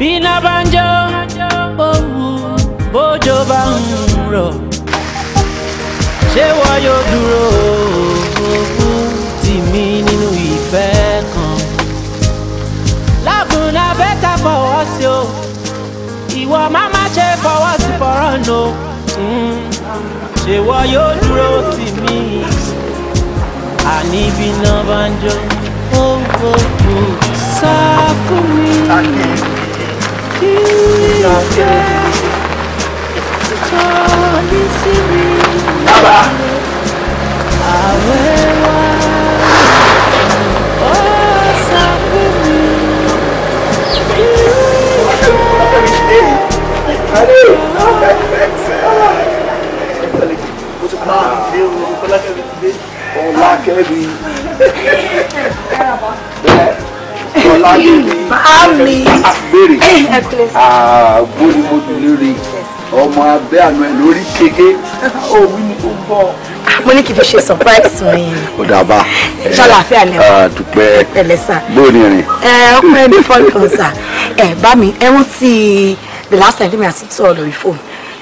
Bina banjo, ń jó òwú bójò bá ń rọ̀ ṣé wọ́n yóò dúró òògùn tì mí nínú ìfẹ́ kan. lọ́gùn náà bẹ́tà fọwọ́ sí o ìwọ má má ṣe fọwọ́ sí fọ́rọ̀ nù hmm. ṣé wọ́n yóò dúró tì mí àní bíná bá ń jó sá fún mi. Ọlákẹ́mi. Ọlákẹ́mi. Bẹ́ẹ̀ ọláyẹmí àbẹrẹ ah, àgbórímọdù eh, eh, ah, lórí ọmọ abẹ àná ẹ lórí kéke ah, òwú ni ó bọ. mo ní kí n fi ṣe surprise mi. ó dàbà ṣàlàáfíà lẹ. dúpẹ́ ẹlẹ́sà. bóyá rìn. ẹ eh, ọpẹ́ mi fọ́ọ̀kan sà ẹ bá mi ẹ wọ́n ti the last time mi àti sọ̀rọ̀ lórí fóònù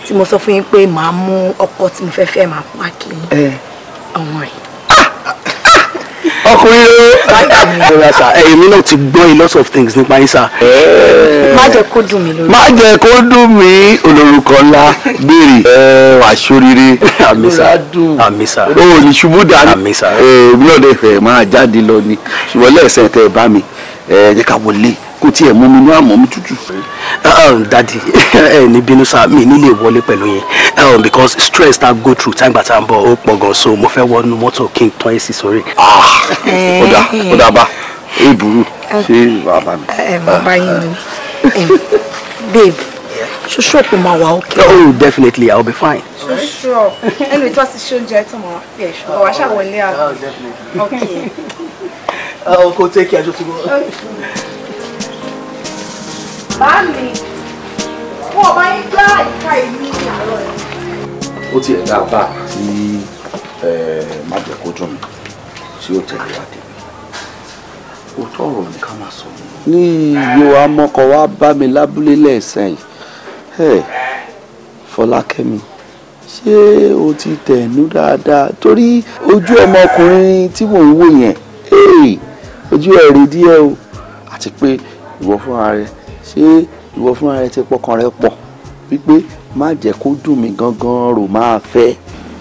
tí mo sọ fún yín pé màá mú ọkọ tí mo fẹ́ fẹ́ màá fún akin ọmọ rẹ̀ ọkùnrin ló rọra sà ẹ̀yin mi náà ti gbọ́ a lot of things nípa yín sà. Eh. má jẹ́ kó dùn mí olórúkọ ńlá béèrè wà àmísà àmísà ṣubú dání. àmísà èmi náà dẹ̀ fẹ́ máa jáde lọ ni ṣùgbọ́n lẹ́sẹ̀ tẹ́ bá mi eh, ẹ jẹ́ ká wọlé kò tiẹ̀ mú mi ní àmọ́ mi tútù. Ah, ah, dadi ẹ eh, ní bínú sá mi nílé wọlé pẹ̀lú yẹn eh, because stress ta go through time gbàtà ń bọ̀ ó pọ̀ gan so mo fẹ́ wọnú mọ́tò kí n tán èsì sórí. ọ̀dà ah, ọ̀dà bá e burú ṣé eh, bàbá mi. ẹ mọ báyìí ni babe ṣoṣo òpó máa wà ókè. oh definitely i will be fine. ṣoṣo ẹnu ìtọ́ ti ṣe oúnjẹ tó mọ̀ wá pé ẹ̀ṣọ́ ọ̀wá ṣàwọlé àná. oh definitely. ok. ọkọ tẹ́kì àjọ tó gbọ́ bá mi fún ọba yín gbá àyíká ìlú ní àárọ̀ ẹ̀. ó ti ẹ̀dá bá tí májèkójú mi tí ó tẹ̀lé wa débi ó tọrọ ní ká máa sọ. ní iye wa mọ́kọ wa bá mi lábúlé lẹ́ẹ̀sẹ̀yìn fọlákẹ́mi ṣé o ti tẹ̀nú dáadáa torí ojú ọmọkùnrin tí mò ń wò yẹn ojú ẹ̀ rí díẹ̀ o àti pé ìwọ fúnra rẹ̀ ṣé ìwọ fúnra rẹ ti pọkàn rẹ pọ̀ wípé má jẹ́ kó dùn mí gangan rò máa fẹ́.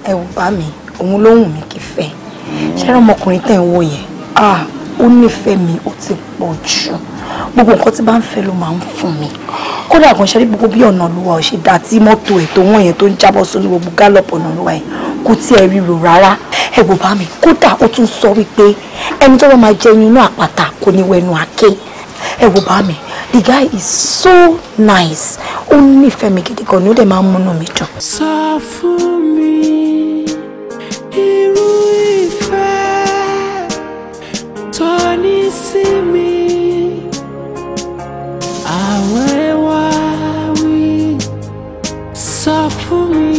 ẹ wò bá mi òun ló wùn mí kí fẹ́ ṣé ọmọkùnrin tẹ̀ ń wò yẹn ah, ó nífẹ̀ẹ́ mi ó ti pọ̀ jù gbogbo nǹkan tí bá ń fẹ́ ló máa ń fún mi kódà gan ṣe rí gbogbo bí ọ̀nà olúwa ò ṣe dá tí mọ́tò ẹ̀ tó wọ̀nyẹn tó ń jábọ́ sórí gbogbo gálọ̀pù ọ̀nà olúwa ẹ̀ kò tiẹ̀ ríro rárá ẹ wò bá mi kódà ó tún sọ wípé ẹni tó bá máa jẹ inú àpáta kò ní wẹnu àké ẹ wò bá mi the guy is so nice ó nífẹ̀ẹ́ mi gidi gan ni ó dẹ̀ máa ń múnú mi dùn. sọ fún mi irú ìfẹ́ tó ní sí mi àwẹ̀ wá wí sọ fún mi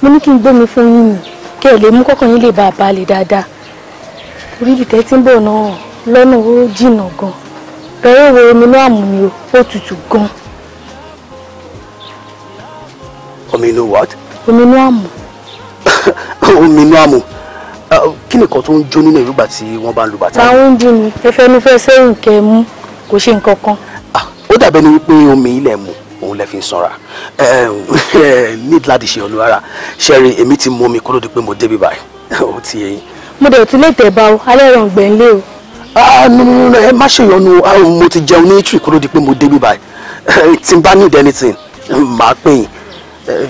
mo ní kí n gbé mi fún yín ni kẹ́ ẹ̀ lè mú kọ́kàn yín lè bá a balẹ̀ dáadáa orí ìtẹ́ tí ń bọ̀ náà lọ́nà ó jìnnà gan bẹ́ẹ̀ wo omi náà mú mi ó tutù gan. omi inú what. omi inú àmù. omi inú àmù ah, kí nìkan tó ń jó nínú ìrúgbà tí wọ́n bá ń lu bàtà. táwọn ń dùn ní ẹfẹ́ ní fẹ́ sẹ́yìn kẹ́ mú kò ṣe nǹkan kan. Ah, ó dàbẹ́ ni wípé omi ilẹ̀ mú òun lẹ fi ń sanra need láti ṣe ara ṣẹ́rí èmi ti mú omi kó ló di pé mo débi báyìí ó ti yẹ yín. mo dẹ̀ ti lè tẹ̀ o alẹ́ rẹ̀ ọ̀gbẹ́ ńlẹ̀ o. Ah, ẹ má ṣèyọnu ah, mo ti jẹun ní tree kó ló di pé mo débi báyìí tí n bá need anything màá pè yín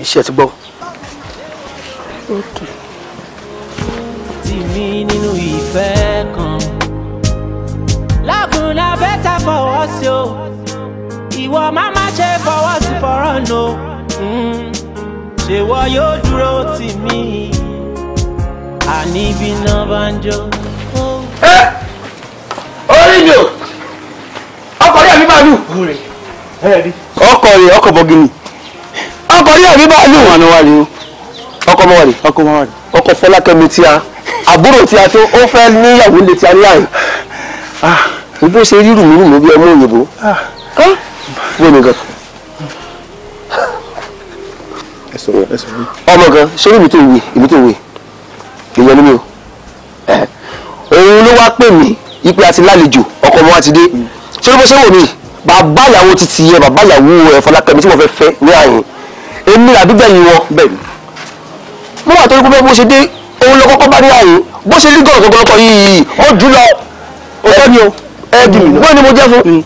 ṣe ti gbọ́. tìmí nínú ìfẹ́ kan lákùnrin abẹ́ta fọwọ́ sí o ìwọ máa. No, ràn ó ṣèwọ yóò dúró tì mí àní ibi náà bá ń jó. orí mi ò ọkọ̀ rí àbí bàálù ọkọ̀ rí ọkọ̀ bọ́gìnì ọkọ̀ rí àbí bàálù wọn ni wà ní o ọkọ̀ mọ́wàlì ọkọ̀ mọ́wàlì ọkọ̀ fọlákẹ́mi tí a àbúrò tí a tó ó fẹ́ níyàwó lè ti aláì ah ibi ó ṣe rírùmírùmú bí ọmọ òyìnbó ah wọ́n mi gan. ọmọ gan ṣé níbi tó wè èmi tó wè èèyàn mi o òun ló wá pè mí ipe àti lálejò ọkọ ọmọ wa ti dé ṣé ló bó ṣe wò mí bàbá ìyàwó ti ti yẹ bàbá ìyàwó ẹ Fọlákẹ́mi tí mo fẹ́ fẹ́ ní àyìn èmi àdúgbò yìí wọn bẹ́ẹ̀ ni mo wà torí pé bó ṣe dé òun lọ kọ́kọ́ bá ní àyìn bó ṣe lígọ̀ ọ̀gọ̀gọ̀lọpọ̀ yìí ó jù lọ ọkọ ni o ẹ dì mí bóyá ni mo jẹ́ fún hmm.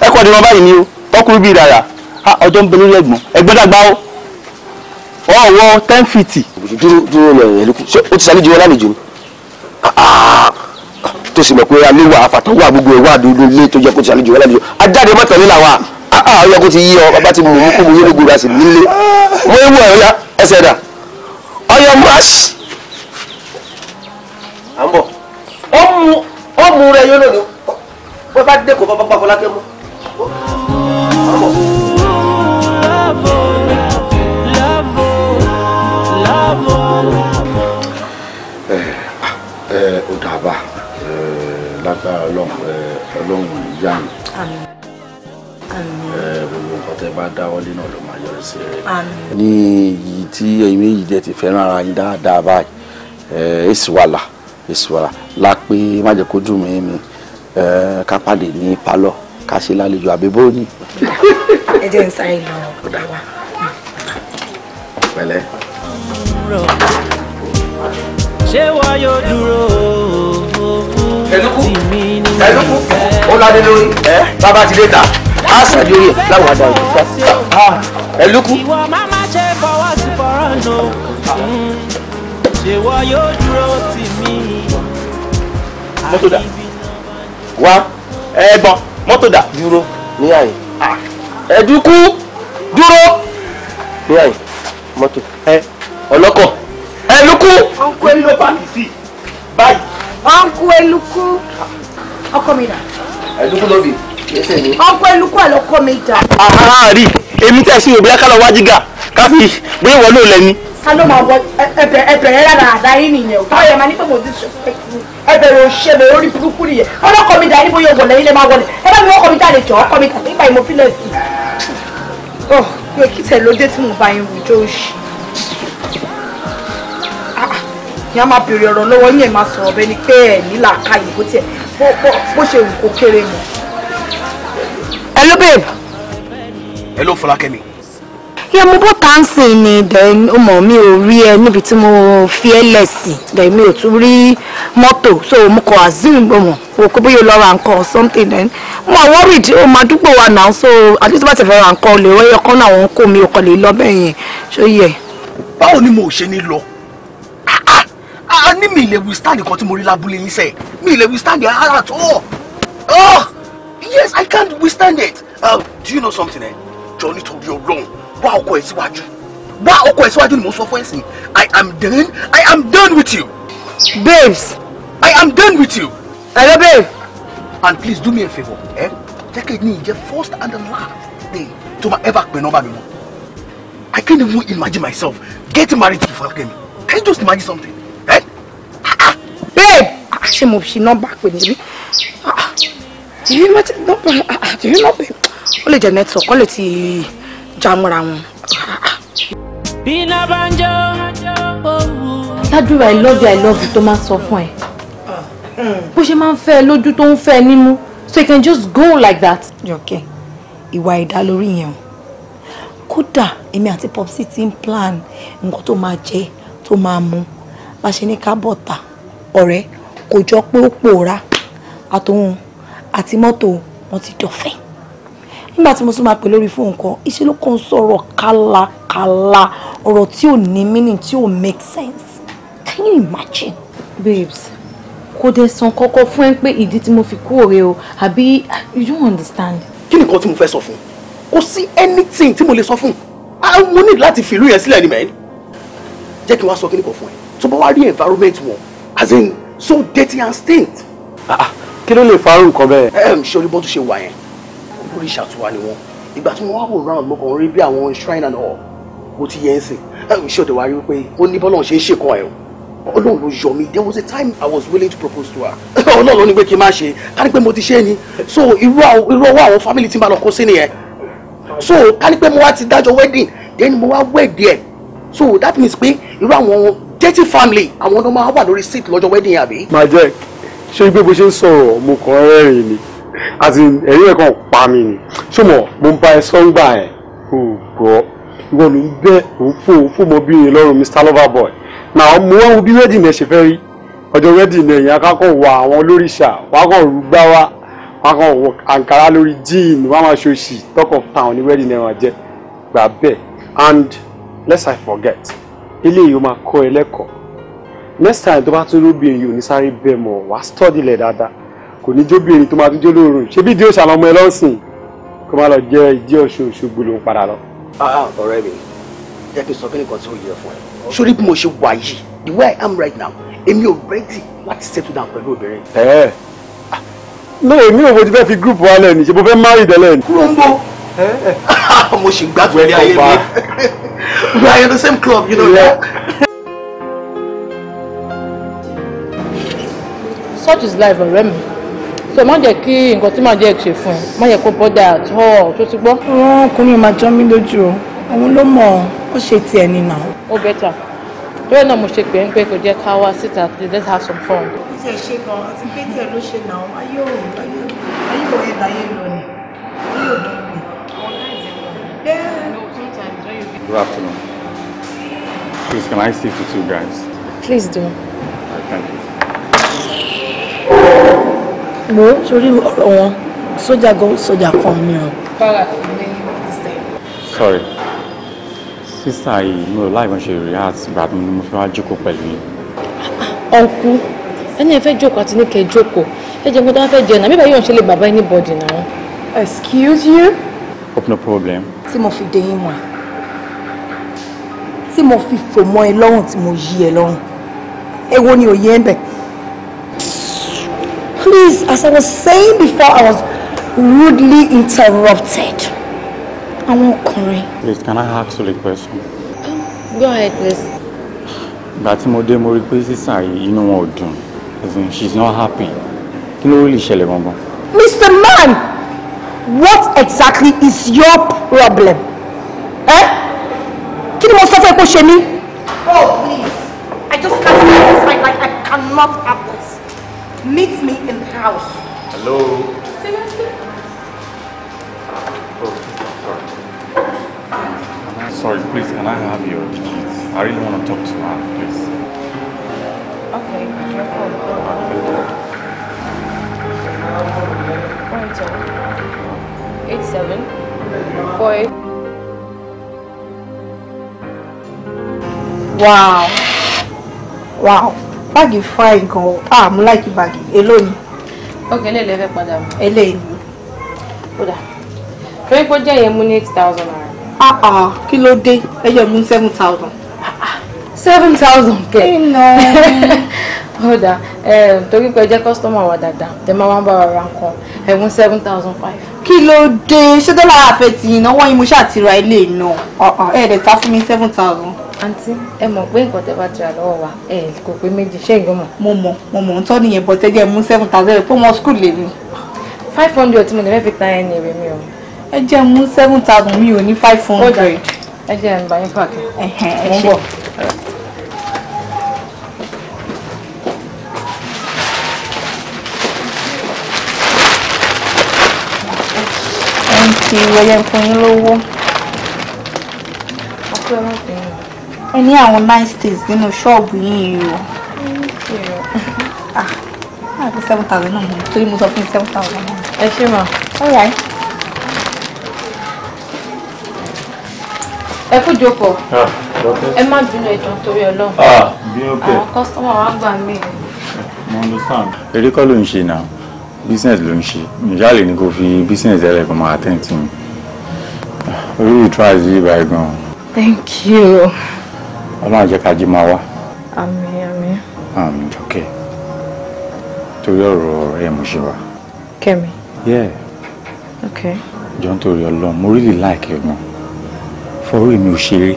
ẹ kọ́ ọ̀dẹ̀ wọn báyìí ni o ọkùnrin bíi ìdàrà ah, ọjọ́ ń bẹ lórí ẹ̀gbọ́n ẹ̀gbọ́n dàgbà o ọwọ́ ten feet. dúró dúró lọ yẹn lókun ṣé o ti sálẹ̀ jẹ́ wọn lálejò ni tó sì mọ̀ pé alẹ́ wà àfàtàn wà gbogbo ẹ̀ wà dúdú ilé tó jẹ́ kó ti sálẹ̀ jẹ́ wọn lálejò ajáde mọ́tò nílà wa ọyọ kó ti yí ọ bàbá ti mú mú kó mu yé lógun ìdásí nílé mo ń wọ ọyọ ẹsẹ̀ dà ọyọ máṣ. à ń bọ̀ ọmú ọmú rẹ yóò lónìí bọ́ bá dẹ́kun bọ́ bá gbàgbọ́ lákẹ́ mọ́. lágbára ọlọ́run ìyá mi gbogbo nǹkan tẹ́ bá dáwọ́lé náà ló máa yọrí sí rẹ̀. ní iyì tí ẹ̀yin méjì dẹ̀ ti fẹ́ràn ara yín dáadáa báyìí èsì wàlà èsì wàlà la pé má jẹ́ kó dùn mí mi ká pàdé ní pálọ̀ ká ṣe lálejò àbíbó ni. ẹ jẹ́ ń sáré lọ ọ̀dà wa. pẹ̀lẹ́. ṣé wọ́n yóò dúró o ẹnukú ẹnukú ọlọ́dẹ lórí bàbá ti dé ta á sàdé orí ẹ̀ láwọn àdá òkú ẹnukú. ìwọ máma ṣe fọwọ́ sí fọ́rọ́ nù ṣèwọ yóò dúró tì mí. mọ́tò dà wá ẹ̀gbọ́n mọ́tò dà dúró ní àyè ẹ̀dúkú dúró ní àyè mọ́tò ọlọ́kọ̀ ẹ̀lúkú. ó báyìí ọ̀nkú elúkú ọkọ mi dà. ẹ̀dúkú ló bì lẹ́sẹ̀ mi. ọ̀nkú elúkú ẹ̀ lọ́kọ mi dà. àárí èmi tẹ̀ sí òbí akálọ̀ wájú gà káfí bóyá ìwọ ló lẹ́ni. ká ló máa wọ ẹbẹ̀rẹ̀ lára àdáyé nìyẹn o báyọ̀ máa ní pé mo ti sọ ẹbẹ̀rẹ̀ òṣèlè orí burúkú nìyẹn ọlọ́kọ mi dà ní bóyá òwò lẹ́yìn lè máa wọlé ẹ bá mi ọkọ mi jáde jọ ọkọ mi tàbí ìgbà ìmọ̀ fílẹ̀ sí i. Oh, ọ̀ mi ò kí tẹ̀ lóde tí mo bá yín rojọ́ òṣì yẹn máa bèrè ọ̀rọ̀ lọ́wọ́ yẹn máa sọ̀rọ̀ bẹ́ẹ̀ ni pé ẹ̀ nílà ká yìí kó tiẹ̀ bó ṣe wù kó kéré mọ́. hello babe. hello Fọlákẹ́mi. yẹ mo bó tá à ń sìn ni then ọmọ mi ò rí ẹ níbi tí mo fi ẹ lẹ̀ sí then mi ò tún rí mọ́tò so mo kọ azim ọmọ o kó bóyá lọ ra nǹkan or something then mo worried o máa dúpọ̀ wa náà so àti tí wọ́n ti fẹ́ ra nǹkan lè rẹ́ ọkàn náà wọn kò mi ò kàn lè lọ bẹ́ẹ̀ yẹn ṣó yẹ. báwo ni mo ṣe ní lọ a ní mi ìlẹ̀ withstand nǹkan tí mo rí lábúlé yín sẹ́ẹ̀ mi ìlẹ̀ withstand it at all oh yes i can't withstand it uh, do you know something eh Johnny told you wrong. wá ọkọ ẹ síwájú wá ọkọ ẹ síwájú ni mo sọ fún ẹ sìn i am done i am done with you. babes i am done with you. hello babe. and please do me a favour eh? jẹ́ kí ni ìjẹ́ first and last day tó máa ever pè nọ́mbà mi mọ́ i can't even imagine myself getting married to Fakemi can you just imagine something babe ah, ṣé mo fi nọ́mbà pè níbí ah, do you not nọ́mbà ah, do you not babe ó lè jẹ́ network ó lè ti jámúra wọn. i love you i love you Thomas máa ń sọ fún ẹ bó ṣe you don't fair anymore. so you can just go like that. Okay. ìwà ẹ̀dá lórí yẹn o kódà èmi àti popsi ti plan nǹkan tó máa jẹ tó máa mu la ṣe ní ká bọ̀ ọ̀rẹ́ kò jọ pé ó pòórá àtòun àti mọ́tò wọn ti dọ̀fẹ́ nígbà tí mo tún máa pè lórí fóun kan iṣẹ́ ló kàn ń sọ̀rọ̀ kálakàla ọ̀rọ̀ tí ò ní meaning tí ò make sense can you imagine. babes kò dé san kọ́kọ́ fún ẹ pé ìdí tí mo fi kú òre o àbí you don't understand. kí ni nǹkan tí mo fẹ́ sọ fún kò sí anything tí mo lè sọ fún ah, mo ní láti fìlú yẹn sílẹ̀ ni mẹ́rin jẹ́ kí n wá sọ kí ni kò fún ẹ tó bá wá rí environment wọn as in so dirty and stained. Ah, ah, kí ló lè farú nǹkan bẹ́ẹ̀. ẹ ẹ ṣe oríbọ́n tó ṣe wà yẹn olórí ìṣàtúwà ni wọn ìgbà tí mo wá wò round mo kàn rí bí àwọn shrine and all mo ti yẹn sìn ẹ ẹ ṣe òdòwà rí wípé ó ní bọ́lọ̀ ṣe é ṣèkan ẹ̀ o ọlọ́run ló yọ mi there was a time i was willing to propose to her ọlọ́run ló ní pé kí n má ṣe ká ní pé mo ti ṣe é ni so irú ọwọ́ àwọn family tí n bá lọ kó sí nìyẹn so ká ní pé mo wá ti dájọ́ wedding then mo wá wed there so that means pé irú àwọn dirty family àwọn ọdún máa wà lórí seat lọ́jọ́ wedding àbí. máa jẹ́ ṣé gbé bó ṣe ń sọ̀rọ̀ mo kàn rẹ́rìn ni àti ẹ̀rí ẹ̀ kan pa mi ni ṣé mo mo ń bá ẹ sọ́ngbà ẹ̀ ò gbọ́ ìwọ ló ń bẹ́ òun fò òun fò mọ bí lọ́rùn Mr Loverboy náà mo wá wo bí wedding ẹ ṣe fẹ́ rí ọjọ́ wedding ẹ̀yìn akákọ̀ wà àwọn olóríṣà wà kàn rúgbá wa wà kàn wọ àǹkárá lórí jean wà máa ṣòṣì talk of town ní wedding ẹ̀ wọ́n jẹ́ gbà bẹ́ẹ̀ and lest I forget eléyìí ó máa kọ́ ẹ lẹ́kọ̀ọ́ next time tó bá tún lóbìnrin yìí ò ní sáré bẹ́ẹ̀ mọ̀ wá stọ́dì lẹ̀ dáadáa kò ní jóbìnrin tó máa tún jó lóorùn ṣé bí díò ṣàlọ́mọ ẹ lọ́sìn kó má lọ jẹ́ ìdí ọ̀ṣun òṣogbo ló ń padà lọ. Ah, ah, ọ̀rẹ́ mi jẹ́ kí n sọ kí nìkan tí ó yẹ fún ẹ. sórí bí mo ṣe wà yìí the way i am right now èmi ò ready láti settle down pẹ̀lú obìnrin. ẹ ẹ no èmi ò mo ti fẹ́ fi group wa lẹ́nu ṣe mo fẹ́ marry tẹ́lẹ̀ ni. kúrò ń bọ̀ mo ṣì gbádùn ẹ̀rí ayé mi. We are in the same club, you know yeah. that. Such is life, ọ̀rẹ́ mi. So má jẹ́ kí nǹkan tí màá jẹ́ ṣe fún ẹ. Má yẹ kó bọ́dà at all tó ti gbọ́. Wọ́n ọkùnrin máa jọ mí lójú o. Òun ló mọ̀ ó ṣe tiẹ̀ ni nà. Ó bẹ́tà. Bẹ́ẹ̀ náà mo ṣe pè ń pé kò Are you? Are you? Are you some fun. Ó ti ẹ̀ ṣe gan-an àti pé tí ẹ ló ṣe nà ó. Ayé òun ayé òun ẹ̀dá yé lọ ni. Good afternoon. Please, can I see the two guys? Please do. thank you. Mo sorry, ọ̀rọ̀ wọn, sójà gan sójà kan ni Sorry, sísá I mi ò when she react but I'm mo fi wá jókòó pẹ̀lú yìí. Ọ̀nkú, ẹni ẹ fẹ́ joke. I ní kẹ́ jókòó, ẹ jẹ́ nǹkan tó to fẹ́ jẹun náà, bíbá yóò ṣe lè anybody now. Excuse you? Hope no problem. See mo fi dé tí mo fi fò mọ́ ẹ lọ́rùn tí mo yí ẹ lọ́rùn èwo ni òye ń bẹ̀. please as i was saying before i was rudely interrupted. àwọn ọkùnrin. please can i ask you a question. Um, go ahead please. ìgbà tí mo dé mo rí pé sísà yìí inú wọn ò dùn she is not happy kí ló rí lè ṣẹlẹ̀ gangan. mr man what exactly is your problem. kó ṣe oh please i just can't have this like, like i cannot have this meet me in the house. hello. seriously. oh sorry. sorry please can i have your keys i really want to talk to her please. okay your phone. Right, so. 87 4 wow wow Baggy fine gan o ah mo like báàgì èló ni. ok eléyìí lè fẹ́ padà mọ́. eléyìí ni. kódà torí pé ó eight thousand ah ah kí ló dé ẹyọ mú seven thousand. Ah, ah. seven thousand kẹ. kí ló kódà torí pé ẹ jẹ́ kọ́sítọ́mù wa dáadáa tẹ máa ń bá wa ra nǹkan ẹ mú seven thousand five. kí ló dé ṣé dọ́là àfẹ́ ti ìnáwó yín mo ṣáà ti ra ilé náà ah, seven thousand àǹtí ẹ mọ̀ pé nǹkan tẹ bá tira lọ́wọ́ wa ẹ kò pé méjì ṣẹ́yìn mọ̀. mo mọ mo mọ ń tọ́ nìyẹn bọ́ tẹ́jẹ́ mú seven thousand pé wọ́n school lè mi. five hundred tí mo lè fẹ́ fi tan ẹni rẹ̀ mi o. ẹ jẹ́ mú seven thousand mi ò ní five hundred. ẹ jẹ́ ẹ̀ ń bá yín pàkẹ́. mo ń bọ̀. ẹ ń ti wọlé fún yín lówó. ọpẹ́ wọn fi ẹ ní àwọn nice days nínú ṣọ́ọ̀bù yìí o. ah àti ah, seven thousand náà mo torí mo sọ fún seven thousand náà. ẹ ṣe mọ. all right. ẹ kú jókòó ah, ẹ má bínú ẹjọ́ torí Ọlọ́run ah, àwọn kọsítọmọ wa ń gbà mí. mo understand. eré kọ́ ló ń ṣe náà business ló ń ṣe ìyá lè ní kó fi business ẹ̀rẹ̀ kan máa tẹ̀ tí mi orí ìtura yìí báyìí gan. thank you ọlọ́run jẹ́ ká jí máa wá. àmín àmín. àmín jọkẹ́ torí ọ̀rọ̀ ẹ̀ mo ṣe wá. kẹ́mi. yeah. okay. jọ nítorí ọlọ́run mo really like ẹ̀ gan fọ́rí mi ò ṣeré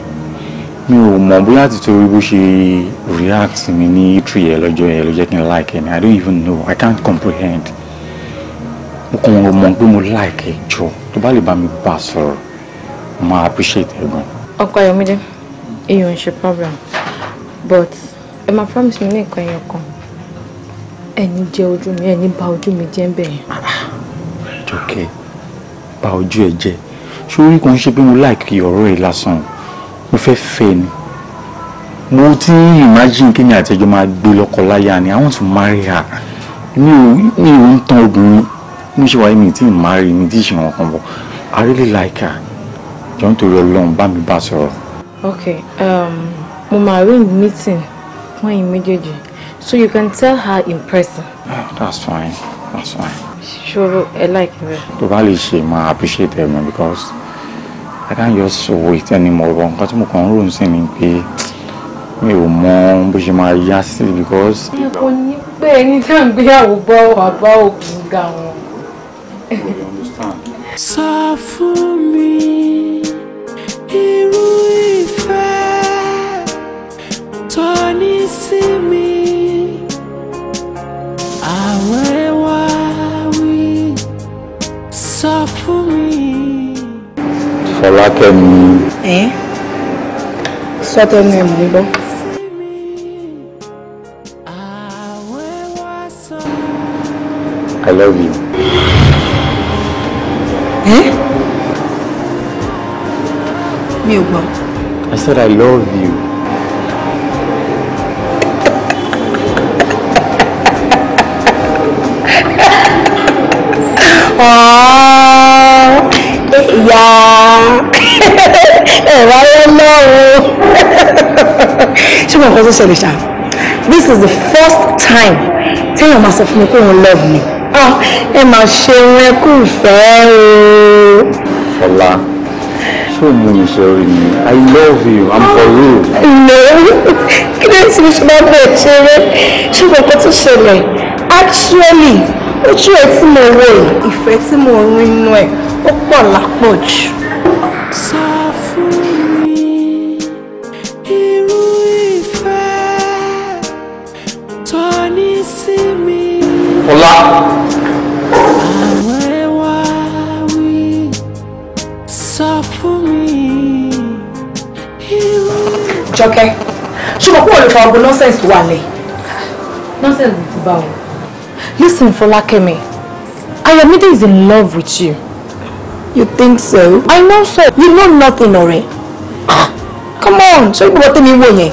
mi ò mọ̀ bóyá ti torí bó ṣe react mi ní three yẹn lọ́jọ́ yẹn ló jẹ́ kí n like ẹ̀ i don't even know i can't comprehend mo kàn wọ́n mọ̀ pé mo like ẹ̀ jọ tó bá lè bá mi bá a sọ̀rọ̀ mo máa appreciate ẹ̀ gan. ọkọ ayọ̀mídé èèyàn ń ṣe problem but ẹ máa promise mi ní nǹkan ẹyọ kan ẹni jẹ ojú mi ẹni bà ojú mi jẹ́ ń bẹ̀ yẹn. Jọkẹ́ bà ojú ẹ jẹ́ sórí kan ṣe bí mo láìkí ọ̀rọ̀ yìí lásán mo fẹ́ fẹ́ ni mo ti imagine kí ni àtẹjọ́ máa gbé lọ́kọ ni I want to marry her mi ò mi ò ń tan obìnrin mo ṣe wáyé mi tí marry mi tí ì ṣe kan bọ̀ I really like her jọ nítorí Ọlọ́run bá mi bá sọ̀rọ̀. Okay, um, mo máa arrange meeting my ẹ̀yin so you can tell her in person. Oh, that's fine that's fine. ṣòro ẹ like, rẹ. tó value lè I appreciate ẹ mọ because I can't just wait anymore Because nǹkan can't run, kàn ń rò sí ni pé mi ò mọ because. ẹ kò ní pé ẹni tá à ń gbéyàwó bá wà bá Fọlákẹ́mi. Ẹ́ sọ́tẹ́nu ẹ̀ mò ń gbọ́. I love you. Ẹ́ mi ò gbọ́. I said I love you. yá ẹ̀rọ ọlọ́run ṣé mo kọ́ tó ṣẹlẹ̀ ṣá this is the first time téèyàn máa sọ fún mi pé òun love me ah, ẹ máa ṣe wọn kú ìfẹ́ o. Fọlá ṣó mú mi ṣe orí I love you I'm for you. Ah, no kí ló ń ti ṣe máa bẹ̀rẹ̀ ṣe rẹ ṣé mo kọ́ tó ṣẹlẹ̀ actually ojú ẹ tí mo wò yìí ìfẹ́ tí mo rí inú ẹ̀ ó pọ̀ la pọ̀ jù. sọ fún mi irú ìfẹ́ tó ní sí mi. ọlá. àwẹ̀ wá wí sọ fún mi irú. jọkẹ́ ṣùgbọ́n kó o lè fa ọgbọ́n nọ́sẹ̀sì wà lẹ̀. nọ́sẹ̀sì ti bá o. listen Fọlákẹ́mi Ayọ̀mídé is in love with you. You think so? I know so. You know nothing already. come on. so you Ṣé ìgbọ́ tẹ́mi wò yẹn?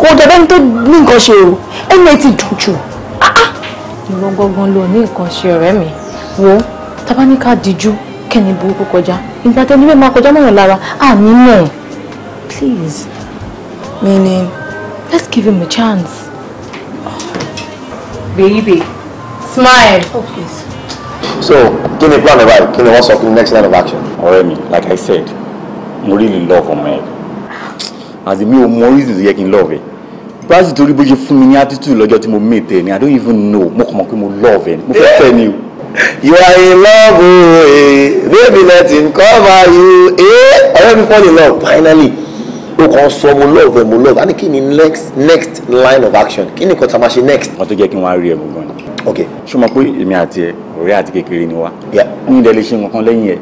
Kò dẹ̀bẹ́ ní tó ní nǹkan ṣe o. Ẹni ẹ ti dùn jù. Ìwọ gangan ló ní nǹkan ṣe ọ̀rẹ́ mi. Wo tabaníkà díjú kẹ́ni burúkú kọjá. Ìgbà tẹ́ni bẹ́ẹ̀ máa kọjá mọ́yàn Ah, me mọ̀. Please. Meaning, let's give him a chance. Baby, smile. Oh, please. So, kí ni plan ẹ báyìí kí ni wọ́n sọ fún next line of action. ọ̀rẹ́ mi like i said mo really love ọmọ ẹ as in mi ò mọ reason tó yẹ kí n love ẹ brazil torí bó ṣe fún mi ní attitude lọ́jọ́ tí mo meet ẹ ni i don't even know mo kàn mọ̀ pé mo love ẹ mo fẹ́ fẹ́ ni you are in love o oh, eh baby let him cover you eh ọ̀rẹ́ mi fall in love finally o kàn sọ mo love ẹ mo love ẹ a ní kí ni next next line of action kí ni kò tá a máa ṣe next. wọ́n tó jẹ́ kí wọ́n á rí ẹ̀ gbọ́n ni ok ṣọmọ pé èmi àti ẹ ọ̀rẹ́ àti kékeré ni wa ní ilẹ̀ lè ṣe nǹkan lẹ́yìn ẹ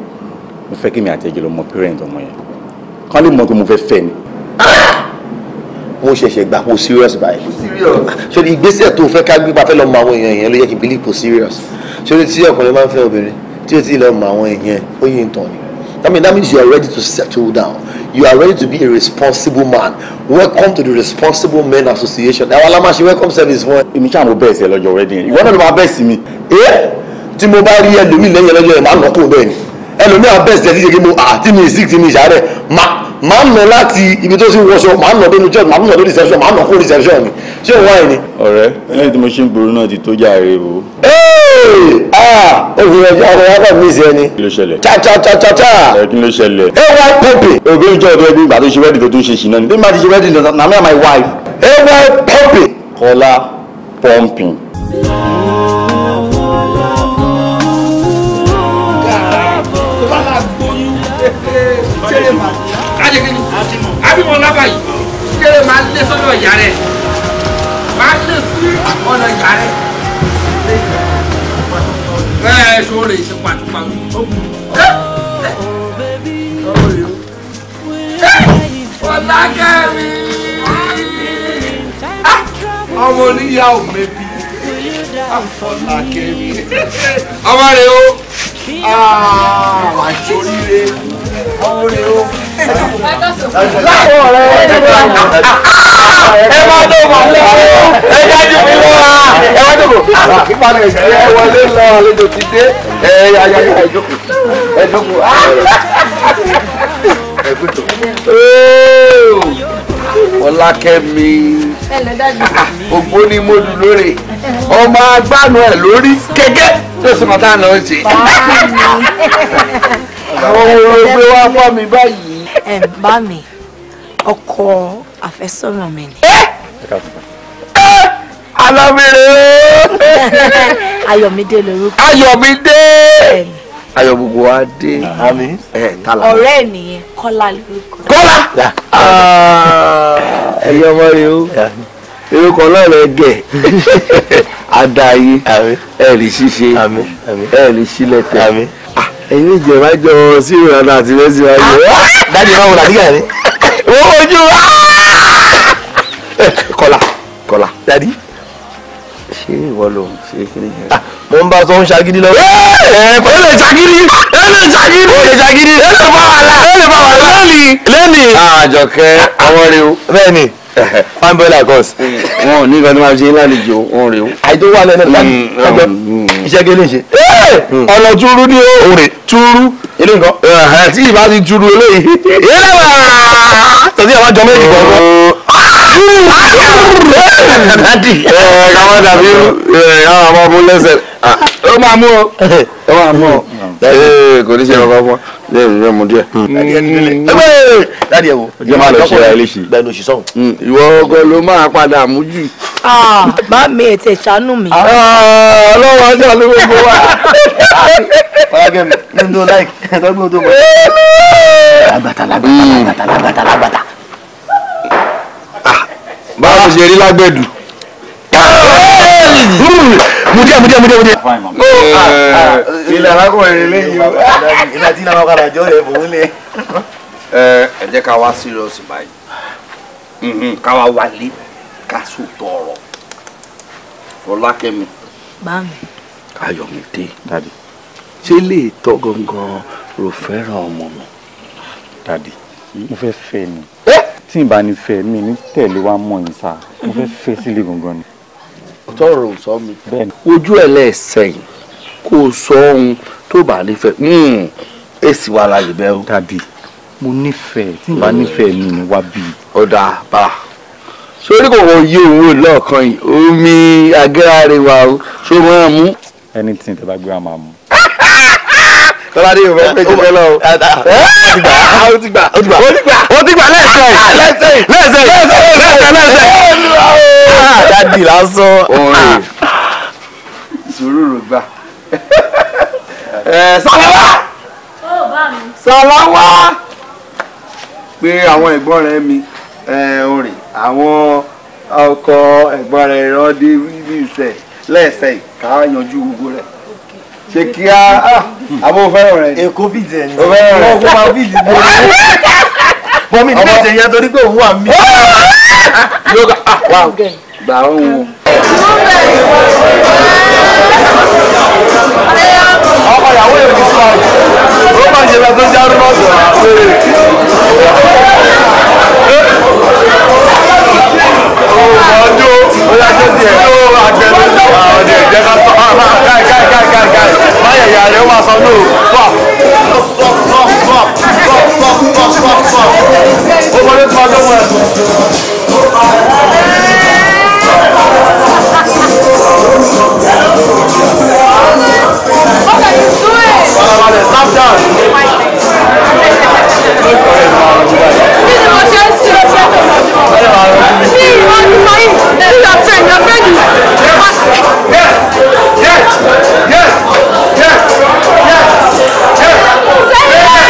mo fẹ́ kí èmi àti ẹ jẹ́ lọ mọ parent ọmọ yẹn kán lè mọ pé mo fẹ́ fẹ́ ni. mo ṣẹ̀ṣẹ̀ gbà kó serious báyìí ṣé ìgbésẹ̀ tó fẹ́ ká gbé pàfẹ́ lọ mọ àwọn èèyàn yẹn ló yẹ kí bílí kó serious ṣé tí ọkùnrin máa ń fẹ́ obìnrin tí ó ti lọ mọ àwọn èèyàn ó yí tàn ni. I mean, that means you are ready to settle down. You are ready to be a responsible man. Welcome to the Responsible Men Association. Àwọn alámàṣe welcome service wọn. Èmi ṣáà mo bẹ́ẹ̀ sí ẹ lọ́jọ́ wedding yẹn. Ìwọ náà ló máa bẹ́ẹ̀ sí mi. Ẹ́ eh? tí mo bá rí ẹlòmíì lẹ́yìn lọ́jọ́ yẹn, màá nà kó bẹ́ẹ̀ ni. Ẹlòmíì àwọn bẹ́ẹ̀ sí ẹ ti ṣe kí mo àti mi sick ti mi ìṣàárẹ̀. Màá nà láti ibi tó sì wọṣọ, màá nà dénú church, màá nà dé reception, màá nà kó reception mi. Ṣé òun wáyé ni? Ọ̀rẹ́, ẹlẹ́yìn tí mo ṣe ń gbòòrò náà ti tó járe o. Ẹ́ẹ́ eh? Ah, obìnrin ọjọ́ àwọn ọkọ̀ mi ìsìn ẹni. kí ló ṣẹlẹ̀. Cha, ẹ kí ló ṣẹlẹ̀. ay poppy. obìnrin jọ ọdún ẹbí ìgbà tó ṣe wẹ́ẹ̀dì tó tún ṣe ṣìnà ni bí màá ti ṣe wẹ́ẹ̀dì lọ na me and my wife. ay poppy. kọ́lá pumping. àbímọ lábàá yìí kéré máa lé sọ́dọ̀ ìyá rẹ̀ máa lé sí ọ̀nà ìyá rẹ̀ ẹ sóore ṣe pàtúpàtú ó kù. ọlákẹ́mi ọmọ oníyà ò mẹ́bi ọlákẹ́mi ọmọ rẹ o ah, wàá sóríire ọmọ rẹ o láwọn ọ̀rẹ́ ẹ má tó mọ̀ lọ ẹ dájú mi lọ ẹ má tó mọ̀. nípa ní ẹ̀sìn ẹ wọlé lọ àlejò ti dé ẹ yà yà yà ìjókòó ẹ jókòó. Ọlákẹ́mi ògbóni mọ́dù lórí ọmọ agbánu ẹ̀ lórí gẹ́gẹ́ tó sì máa tá à ń lọ ṣe. àwọn ohun ẹgbẹ́ wa fọ́ mi báyìí bá mi ọkọ àfẹ́sọ́nà mi ni. alábìrè. ayọ̀mídé lorúkọ. ayọ̀mídé. ayọ̀ gbogbo wa dé. àmín. ọ̀rẹ́ nìyẹn kọ́lá lorúkọ. kọ́lá. ẹyọ ọmọ rẹ o orúkọ ọlọ́rẹ̀ gẹ̀ adáyé ẹ̀rí ṣíṣe ẹ̀rí ṣílẹ̀tẹ̀ ẹ̀yin méjì máa jọ sí ìrànà àti mẹ́sì máa jọ. dájú máa wò làdígà ni. owó ojú wa. Eh, kọlà kọlà dadi. ṣé ìwọ ló ń ṣe kí ni. Ah, mo ń bá a sọ ń ṣagídí lọ. ẹ eh, eh, lè ṣagídí ẹ lè ṣagídí ẹ lè ṣagídí ẹ lè bá wàhálà ẹ lè bá wàhálà lẹ́nì. lẹ́nì. Ah, àjọkẹ́ àwọn rèé o. bẹ́ẹ̀ ni fanbola gos. wọn ò ní ìgbà tí wọn ṣe lálejò wọn rè o. àìtó wà lẹ́nu láti ọgbẹ́ iṣẹ́ kele ṣe. Mm. ọ̀nà túrú ni ó rè túrú. ilé nǹkan. tí ìbá ti túrú eléyìí. yẹ́nà tọ́sí àwọn jọ méjì kọ̀ọ̀kan. Oh káwọn dàbí káwọn àmọ́ mú lẹ́sẹ̀ ó máa mú ọ ó máa mú ọ kò ní ṣe ọkọ fún yẹ yẹ mú díẹ̀. dáàdi ẹ wo jẹ máa lọ ṣe ẹ léṣe bẹ́ẹ̀ ló ṣe sọhùn. ìwọ ọgọ ló máa padà mú jù. bá mi ètè ìṣàánú mi. ọlọ́wọ́ ọjọ́ ló gbogbo wa. ọ̀rẹ́ mi ló ń dún láì ẹ̀ẹ́dọ́gbọ̀n tó mọ̀. lágbàtà lágbàtà lágbàtà lágbàtà lágbàtà báwo ṣe rí lágbẹ̀dù. mo díẹ̀ mo díẹ̀ mo díẹ̀ mo díẹ̀. ilé alákùnrin lẹ́yìn o ilé àti ilé alákùnrin àjọ rẹ̀ fòun lé. ẹ jẹ́ ká wá serious báyìí mhm, ká wá wálé ká sòtọ̀ ọ̀rọ̀ fọlákẹ́mi. báàmì. ayọ̀mídé dádì ṣé lè tọ́ gangan rò fẹ́ràn ọmọ mi dádì mo fẹ́ fẹ́ ni tí n bá ní fẹ́ mi ní tẹ̀lé wa mọ̀ yín sá mo fẹ́ mhm. fẹ́ sílé gangan ni. ọ̀tọ̀ ọ̀rọ̀ ò sọ mi. bẹ́ẹ̀ni. ojú ẹ lẹ́ẹ̀sẹ̀ yìí kó o sọ ohun tó bá nífẹ̀ẹ́ hmm, èsì wa la lè bẹ́ o. dàbí mo nífẹ̀ẹ́ tí n bá hmm. nífẹ̀ẹ́ mi ni wá bí. ọ̀dà bá a sórí kò wọ́n yí òun lọ́ọ̀kan yìí omi agẹ́rẹ́ wa o máa mú. anything tẹ bá gbé wa máa mú tọ́ládé yóò fẹ́ péjú fẹ́ lọ o. ó ti gbà ó ti gbà ó ti gbà ó ti gbà lẹ́sẹ̀ ah, lẹ́sẹ̀ lẹ́sẹ̀ lẹ́sẹ̀ lẹ́sẹ̀. Ah, dádì lásán. orin ah. sùúrù gbà. sọlá sọlá wá àwọn ẹ̀gbọ́n rẹ̀ mi orin àwọn ọkọ ẹ̀gbọ́n rẹ̀ rán dé bíbí ìsẹ̀ lẹ́sẹ̀ ká yanjú gbogbo rẹ̀ ṣe kí á ah, àbó fẹ́ràn rẹ. èkó bìtì ẹ̀ ní. o fẹ́ràn rẹ. wọ́n máa bìtì ní orí. bọ́mí ní bìtì ẹ̀yà torí pé òun wà mí. yóò ah, gbà wà gbà ń wo. ọkọ ìyàwó yẹn ti sọ ọ máa ṣe bá tó járú náà sọ̀rọ̀ àpẹẹrẹ ọjọ́ bóyá jẹ́ tiẹ̀ ó àgbẹ̀lú àwọn ọdẹ ìjẹ́ ká sọ káì káì káì káì káì báyẹ̀ ìyá rẹ̀ ó máa sọ lóò fà. ó wọlé tó ọjọ́ wọn What are you doing? Balabale, stop down. Yes! Yes! Yes! Yes! Yes! Yes!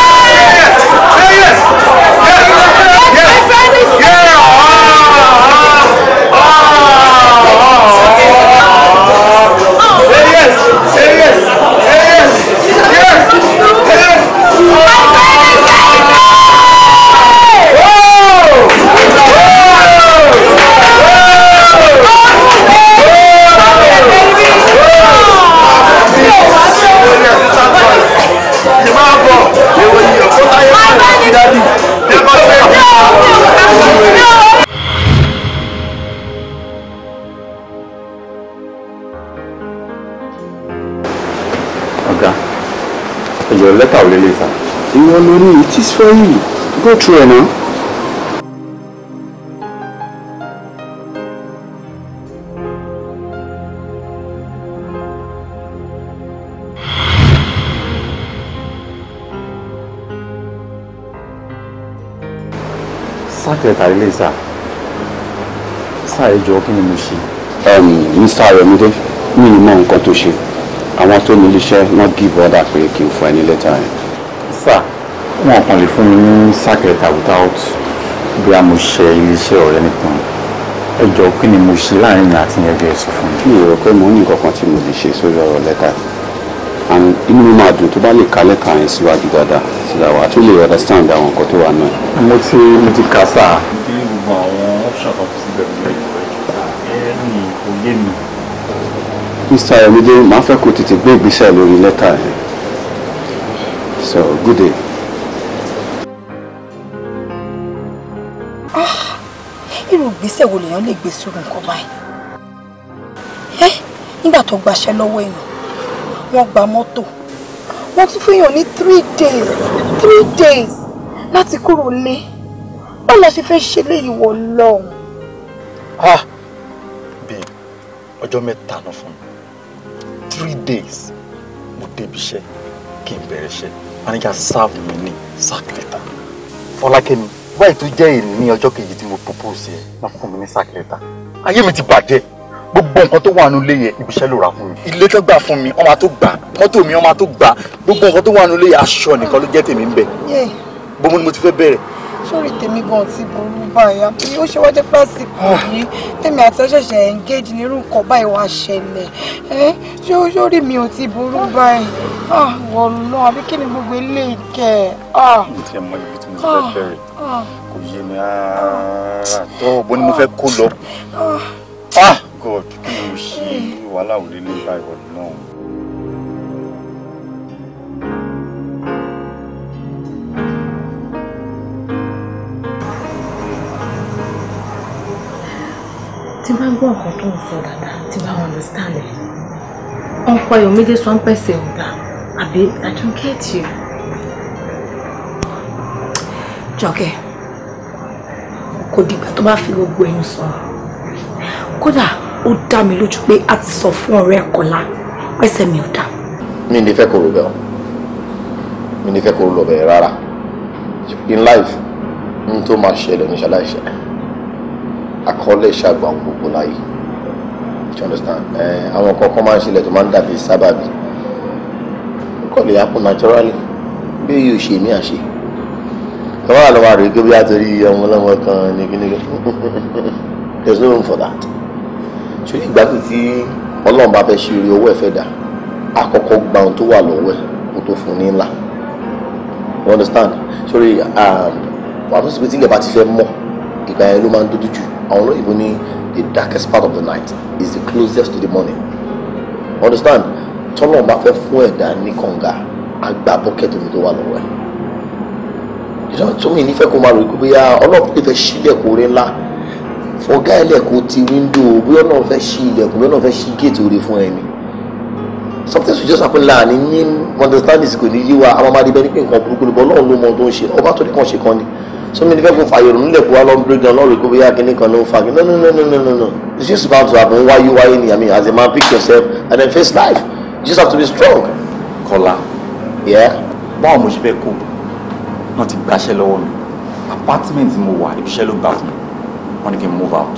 your letter will later. You already, it is for you. Go through it now. kẹta ilé sà sà ẹjọ́ kí ni mo ṣe. Mr. Ayọ̀mídé mi ì mọ nǹkan tó ṣe àwọn tó ní iléeṣẹ́ wọ́n give order pé kí n fún ẹ lẹ́tà yẹn. sà wọn kàn lè fún mi ní sàkẹ́tà without bí a mo ṣe iléeṣẹ́ ọ̀rẹ́ nìkan ẹjọ́ kí ni mo ṣe láàrin àti ẹgbẹ́ ẹ̀sùn fún mi. mi ò rò pé mo ní nǹkan kan tí mo lè ṣe sórí ọ̀rọ̀ lẹ́tà yìí and inú mi máa dùn tó bá lè ka lẹ́ka yẹn síwájú dáadáa síra wa tó lè understand àwọn nǹkan tó wà náà. mo ti mo ti kà sáà. bí gbogbo àwọn option kan ti bẹ̀rẹ̀ bẹ́ẹ̀ ni kò yé mi. Mr. Ayomide máa fẹ́ kó tètè gbé ìgbésẹ̀ lórí lẹ́tà yẹn so good day. Ah, irú ìgbésẹ̀ wo lèèyàn lè gbé sórí nǹkan báyìí eh, nígbà tó gbaṣẹ́ lọ́wọ́ èèyàn wọ́n gba mọ́tò wọ́n tún fún yàn ní three days three days láti kúrò lé báwo la ṣe fẹ́ ṣe léyìí wọ lọ́hùn. ah babe ọjọ́ mẹ́ta náà fún mi three days mo débi iṣẹ́ kí n bẹ̀rẹ̀ iṣẹ́ manager serve mi ní sack letter fọlákẹ́mi báyìí tó jẹ́ èyí ní ọjọ́ kejì tí mo propose yẹn náà fún mi ní sack letter ayé mi ti bàjẹ́ gbogbo nǹkan tó wà nínú ilé yẹn ibiṣẹ́ ló rà fún mi. ilé tó gbà fún mi wọ́n máa tó gbà mọ́tò mi wọ́n máa tó gbà gbogbo nǹkan tó wà nínú ilé yẹn aṣọ nìkan ló jẹ́ tèmi ń bẹ̀. gbogbo ni mo ti fẹ́ bẹ̀rẹ̀ sórí tèmi gan ti burú báyà bí ó ṣe wájú pásítọ̀ ah. yìí tèmi àti ọ̀ṣẹ̀ṣẹ̀ engage nírú nǹkan báyìí wá ṣẹlẹ̀ ẹ́ ṣé ó sórí mi ò ti burú báyìí ah, wọ́n lọ àbí kí ni gbogbo ilé ìkẹ́ ẹ̀. Ah. mo ti ẹ̀ mọ ibi tí mo fẹ́ bẹ̀rẹ̀ kò yé mi rárá tó bó ni mo fẹ́ kó lọ ah god kí ló ṣe wàhálà òde ní ìgbà ìwọ̀n náà. tí bá ń gbọ́ nǹkan tó ń sọ dáadáa tí bá wọn understand ẹ̀ ọ̀pọ̀ èèyàn méjì sọ ń pẹ̀sẹ̀ ọ̀gá àbí I don't get you. jọ̀kẹ́ kò dìgbà tó bá fi gbogbo ẹnu sọ̀rọ̀ kódà ó dá mi lójú pé a ti sọ fún ọ̀rẹ́ kọlá pẹ́sẹ̀ mi ò dá. mi ní fẹ́ kó o bẹ̀ ọ́ mi ní fẹ́ kó o lọ rárá in life n tó máa ṣẹlẹ̀ ní ṣáláì ṣẹlẹ̀ àkọọ́lẹ̀ ṣàgbà gbogbo láyé you understand àwọn kọ̀ọ̀kan máa ń ṣẹlẹ̀ tó máa ń dàbí sábàbí kọ́lé happen naturally bí yóò ṣe mí àṣe tọ́wọ́ àlọ́ wa rèé gbé bí a torí ọmọ ọlọ́mọ kan ní kíní kan there is no room for that ṣòrí ìgbàgbé tí ọlọ́run bá fẹ́ ṣe orí owó ẹ̀ fẹ́ dà àkọ́kọ́ gba ohun tó wà lọ́wọ́ ẹ̀ kó tó fún un ní ńlá you understand Sorry, um, wàá fún sípétí ìgbà tí fẹ́ mọ̀ ìgbà yẹn ló máa ń dúdú jù àwọn olóyìnbó ní the darkest part of the night is the closest to the morning you understand tọ́lọ́run bá fẹ́ fún ẹ̀dá ní kànga àgbà bọ́kẹ́tì omi tó wà lọ́wọ́ ẹ̀ ìdáhùn tó mi nífẹ̀ẹ́ kó máa rò pé bóyá ọlọ́run lè fẹ́ sílẹ̀ kórè ńlá fọ̀gá ẹlẹ́kọ̀ọ́ ti wíńdò bóyá náà fẹ́ ṣí ilẹ̀kùn bóyá náà fẹ́ ṣí géètì òde fún ẹni something should just happen láàrin ní understand this kò ní yí wa àwọn ọmọdé bẹ́ẹ̀ ní pé nǹkan burúkú ni bọ́ lọ́run ló mọ ohun tó ń ṣe ọba tó ní kàn ṣe kan ni so mi ní fẹ́ kó fàyọ̀rù nílẹ̀ kó wá lọ́n break down lọ́rùn kó bóyá kíní kan ló ń fa kí no no no no no no no it's just about to happen Why you wáyé ni i mean as a man pick yourself and then face life you just have to be strong. Kọ́lá báwo mo ṣe fẹ́ kó wọn ti gbaṣẹ́ lọ́wọ́ mi apartment mo wà ibiṣẹ́ ló gbà fún mi wọ́n ní kí n move out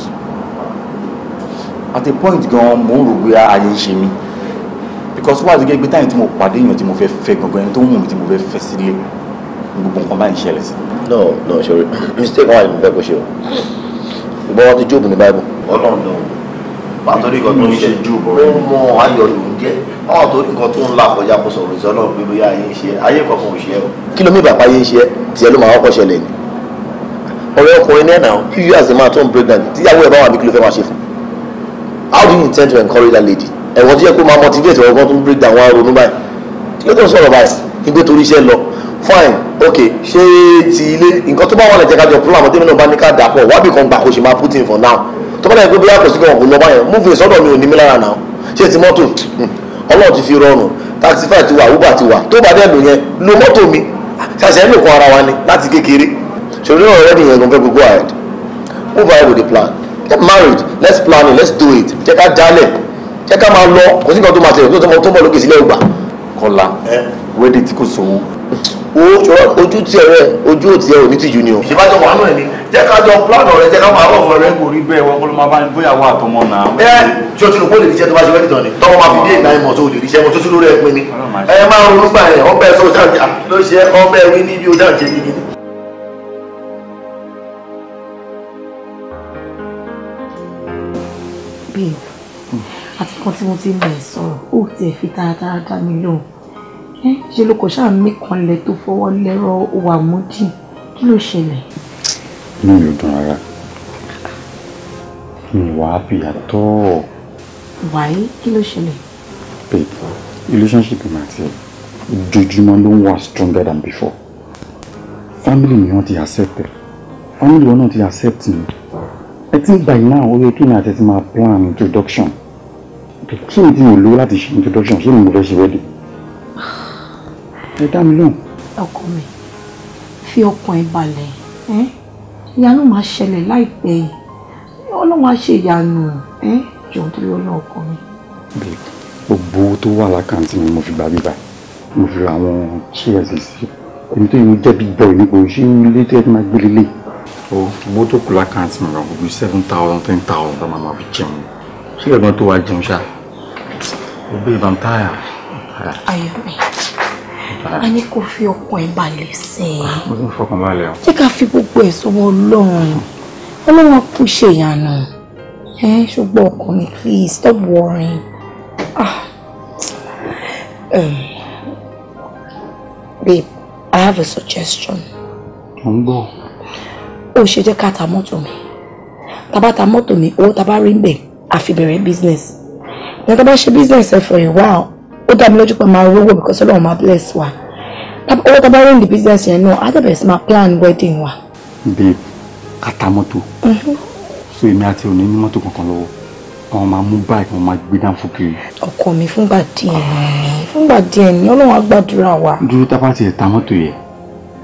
at a point gan mo ń rò pé ayé ń ṣe mí because wọ́n àti gẹ́gẹ́ táyìn tí mo pàdé èèyàn tí mo fẹ́ fẹ́ gangan ẹni tó ń wù mí tí mo fẹ́ fẹ́ sílé gbogbo nǹkan báyìí ṣẹlẹ̀ sí. no no sorry mistake wọn àìmọ̀ bẹ́ẹ̀ kò ṣe o ìgbọ́ wọn ti jóòbù ní báyìí. ọlọ́run náà pàtó ní nǹkan tó ń ṣe jóòbù rẹ ó mọ ayọ̀ ló ń jẹ́ ọ̀hún tó ní nǹkan tó ń là kọjá kó sọ̀rọ̀ ìṣọ́lọ́run pé bóyá ayé ń ṣe ayé kankan ò ṣe é o. kí ọ̀rẹ́ ọkùnrin náà now? you as a man tó ń break down tíyàwó ẹ̀ bá wà ní kí ló fẹ́ máa ṣe fún how do you intend to encourage that lady ẹ̀wọ̀n tó yẹ kó máa motivate ọ̀gbọ́n tó ń break down wá ronú báyìí kí ló tó ń sọ̀rọ̀ báyìí igbe torí iṣẹ́ lọ fine ok ṣé ti ilé nǹkan tó bá wà lẹ́jẹ̀ kájọ plan ọ̀tẹ́mi náà bá ní ká dà pọ̀ wábì kan gbà kó ṣe máa put in for now tó bá dẹ̀ pé bóyá kò sí kan kò lọ báyẹn move in sọ́dọ̀ mi ò ní mi lára náà ṣé ti mọ́tò hmm, ọlọ́run taxi fare ti wà uber ti wà tó bá dẹ̀ lò yẹn lo mọ́tò mi ṣàṣẹ ẹ̀ lòkun ara wa ni láti kékeré So you know already you're going to go ahead. Move ahead with the plan. Get married. Let's plan it. Let's do it. Jẹ́ ká jalè. Jẹ́ ká máa lọ. Kò sí nǹkan tó máa ṣẹlẹ̀ tó tó mọ̀ lókè sílẹ̀ ògbà. Kọ́lá wẹ́dí tí kò sówó. Ojú tí ẹ̀rẹ́ ojú ò tí ẹ̀rọ ní tìjú ni o. Ìṣèbájọ́ wà náà ni. Jẹ́ ká jọ plan ọ̀rẹ́ jẹ́ ká máa rọ̀ ọ̀rẹ́ kò rí bẹ́ẹ̀ wọ́n kó ló máa bá ní bóyáwó àtọmọ náà. Ẹ ṣé o ti rò pé o lè ríṣẹ́ tó bá ṣe wẹ́dí tán ni? Tọ́wọ́ máa fi dé ìgbà ìmọ̀ tó o lè ríṣẹ́ mo tó tún lórí ẹ̀ pin ni. Ẹ máa ronú gbà yẹn, ọbẹ̀ sọ́jà ló ṣe ọbẹ̀ wí níbi ojà jẹ́ gidi. kan tí mo ti mọ̀ ẹ́ sọ̀rọ̀ ó tiẹ̀ fi taratara dá mi lóhùn ẹ ṣe ló kọ ṣáà mí kan tó fọwọ́ lẹ́rọ wà múdì kí ló ṣẹlẹ̀. mi ò dùn rárá mi wà á bìyà tọ́ wàyí kí ló ṣẹlẹ̀. babe relationship mi àti ẹ ojoojúmọ́ ló ń wà stronger than before family mi wọn ti accept ẹ family wọn náà ti accept mi i think by now ó yẹ kí ni àti ti máa plan introduction tí o ti ò lówó láti ṣe introduction ṣé mo fẹ́ ṣe wedding. ẹ dá mi lóhùn. ọkọ mi fi ọkàn ẹ balẹ̀ ìyanu máa ṣẹlẹ̀ láìpẹ́ yìí ọlọ́run á ṣe ìyanu jọ̀ọ́ torí ọlọ́run ọkọ mi. gbogbo owó tó wà lákàntì ni mo fi gbà bíbá mo fi àwọn chairs sí èmi tó yẹ jẹ́ big boy nípa oṣù ilé tó yẹ kí n máa gbélé lé. owó tó kù lákàntì mi rà gbogbo seven thousand ten thousand tá a máa fi jẹun ṣé ẹ̀gbọ́n tó wá jẹun ṣá o bẹ́ẹ̀ bá ń táyà. ayọ̀mí a ní kó fi ọkàn ẹ̀ balẹ̀ sí i. Ah, mo ti ń fọkàn balẹ̀ o. jẹ́ ká fi gbogbo ẹ̀ sọ́wọ́ ọlọ́run ọlọ́run kò ṣe ìyànà ṣùgbọ́n ọkàn mi please stop worrying. Ah. Um, babe, I have a suggestion. mo ń gbọ́. ó ṣe jẹ́ ká ta mọ́tò mi tá bá ta mọ́tò mi owó tá bá ń bẹ̀ àfi bẹ̀rẹ̀ business nígbà bá ṣe business ẹ for a while ó dá mi lójú pé máa rówó because ọlọ́run máa bless wa owó tá a bá rí ní business yẹn náà á dẹ̀ bẹ̀rẹ̀ sí máa plan wedding wa. babe atamoto mm-hmm. so èmi àti òní ní mọ́tò kankan lọ́wọ́ àwọn máa mú báyìí wọn máa gbé dáhùn fúkiri. ọkọ mi fúngbà díẹ̀ ni fúngbà díẹ̀ ni ọlọ́run á gbàdúrà wa. dúró tá a bá tiẹ̀ ta mọ́tò yẹn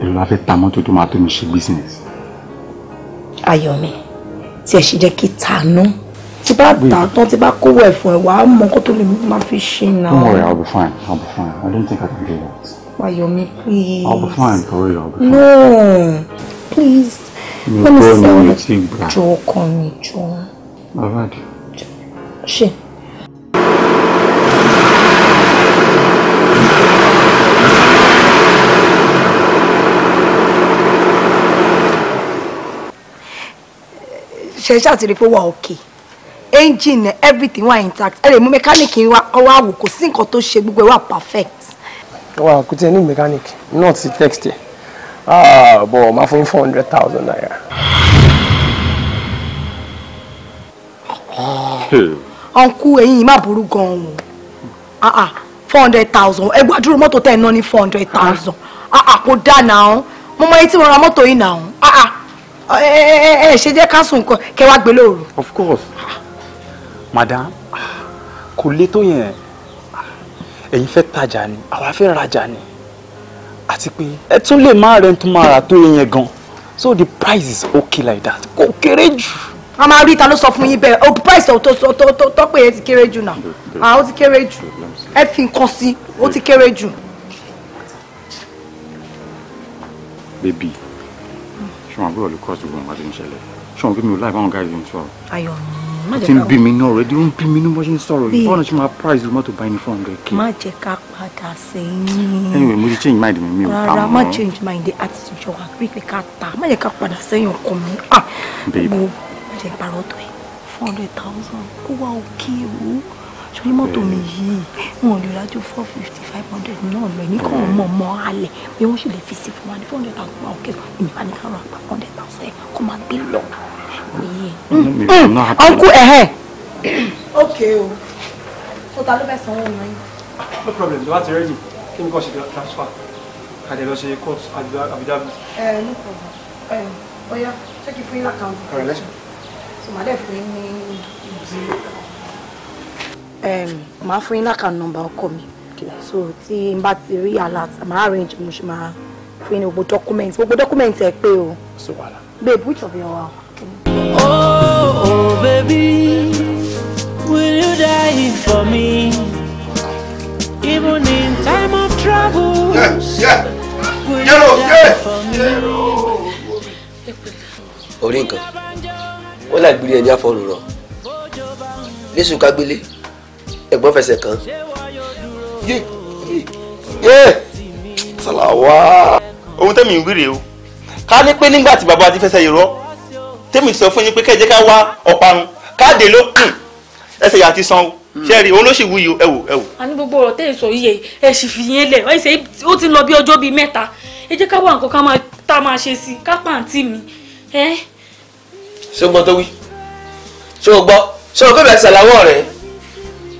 èrò la fẹ́ ta mọ́tò tó máa tó mi ṣe business. ayọ̀ mi tí ẹ ṣe jẹ́ kí ta náà tí bá tà tán tí bá kówó ẹ̀ fún ẹ wàá mọ nǹkan tó lè fi ṣe náà. don't worry i'll be fine i'll be fine i don't think i can do that. Why, Wayomi please. i'll be fine for real i'll be fine. no please. Let me gbọ́ ni mo ti gbà. jọ ọkàn mi jọ. alright. ṣe. ṣe ṣáà ti rí pé wà òkè engine everything wa intact ẹ lè mú mechanic wá ọwọ́ wa kò sí nǹkan tó ṣe gbogbo ẹ wà perfect. Wa, kò tiẹ̀ ní mechanic Not the text ah bo, máa fún four hundred thousand naira. ọ̀nkú ẹ̀yìn ma burú gan ah, o ah, four hundred thousand ẹ gbàdúrà mọ́tò tẹ̀ ná ní four hundred thousand ah, ah, kò dá náà mo mọ etí mo Ah mọ́tò eh eh ẹ ṣe jẹ́ ká sùn kẹ wá gbé lóru. of course madam kò lè tó yẹn ẹ̀yin fẹ́ tajà ni àwa fẹ́ rajà ni àti pé ẹ tún lè má rẹ̀ tó máa rà tó yẹn gan so the price is okay like that kò kéré jù. a máa rí ta ló sọ fún yín bẹ́ẹ̀ o oh, price tó tó tó tó tó pé yẹn ti kéré jù náà à ah, ó ti kéré jù ẹ fi nǹkan sí ó ti kéré jù. bébì ṣé wọn àbúrò lè kọ́ ọ̀sùn gbọ̀ngàn tó ń ṣẹlẹ̀ ṣé wọn kí mi ò láì báwọn gáà yìí ń sọ̀rọ̀. ayọ̀ mi ó ti ń bí mi ní already ó ń bí mi ní bó ṣe ń sọ̀rọ̀ yìí bọ́ọ̀nà ṣe máa price ló mọ́tò báyìí ní four hundred k. má jẹ́ ká padà sẹ́yìn. anyway mo ti change mind mi mi ò pa mọ́. rárá má change mind the attitude yọ agree pé ká ta má jẹ́ ká padà sẹ́yìn ọkọ mi. Ah! babe mo jẹ́ ìpàrọ̀ tó yẹ four hundred thousand ó wá òkè o sórí mọ́tò mi yìí wọn ò lè rájò four fifty five hundred náà lọ ní kàn mọ̀ mọ́ alẹ̀ bí wọ́n sì lè fi sí fún wa ní four hundred thousand kó máa gbé lọ ọ̀nkú mm. mm. mm. ẹ̀hẹ́. Eh, eh. ok oh. o kó ta ló fẹ́ sanwó ọ̀nà yìí. no problem the one ti ready kí ni kò ṣe transfer kàdé lọ ṣe court abidabi. ẹ eh, no problem ẹ ọyá ṣé kí fún yín lákàntì. kọrẹ lẹsẹ. sọmadẹ fún yín ní màá fún yín lákàntì nọ́mbà ọkọ mi so tí n bá ti alert màá arrange mo ṣe máa fún yín ní gbogbo document gbogbo document ẹ pé o. babe which of your. Oh, oh, baby, will you die for me? Even in time of trouble, yeah, yeah. will you die for me? Orí nǹkan, wọ́n lágbèrè ẹni àfọ̀rùn rọ̀. Lésù kágbélé, ẹ̀gbọ́n fẹsẹ̀ kan. Sàlàwà. Ohun tẹ́mi ń wíre o. Ká ní pé nígbà tí bàbá ti fẹsẹ̀ yìí rọ́ tèmi sọ fún yín pé kẹ́jẹ́ ká wá ọ̀parun káàdé ló kùn hmm, ẹsẹ̀ yà ti san o ṣe rí olóṣèlú yìí ẹ wò ẹ wò. a ní gbogbo ọ̀rọ̀ tẹ́lẹ̀ sọ yìí ẹ sì fi yẹn lẹ̀ ẹ ṣe ó ti lọ bí ọjọ́ bíi mẹ́ta ẹ jẹ́ ká wá nǹkan ká máa tá a máa ṣe sí i ká pàǹtí mi. ṣé o gbọ́ tó wí ṣé o gbọ́ ṣé o kébẹ̀ ṣàlàwọ̀ rẹ̀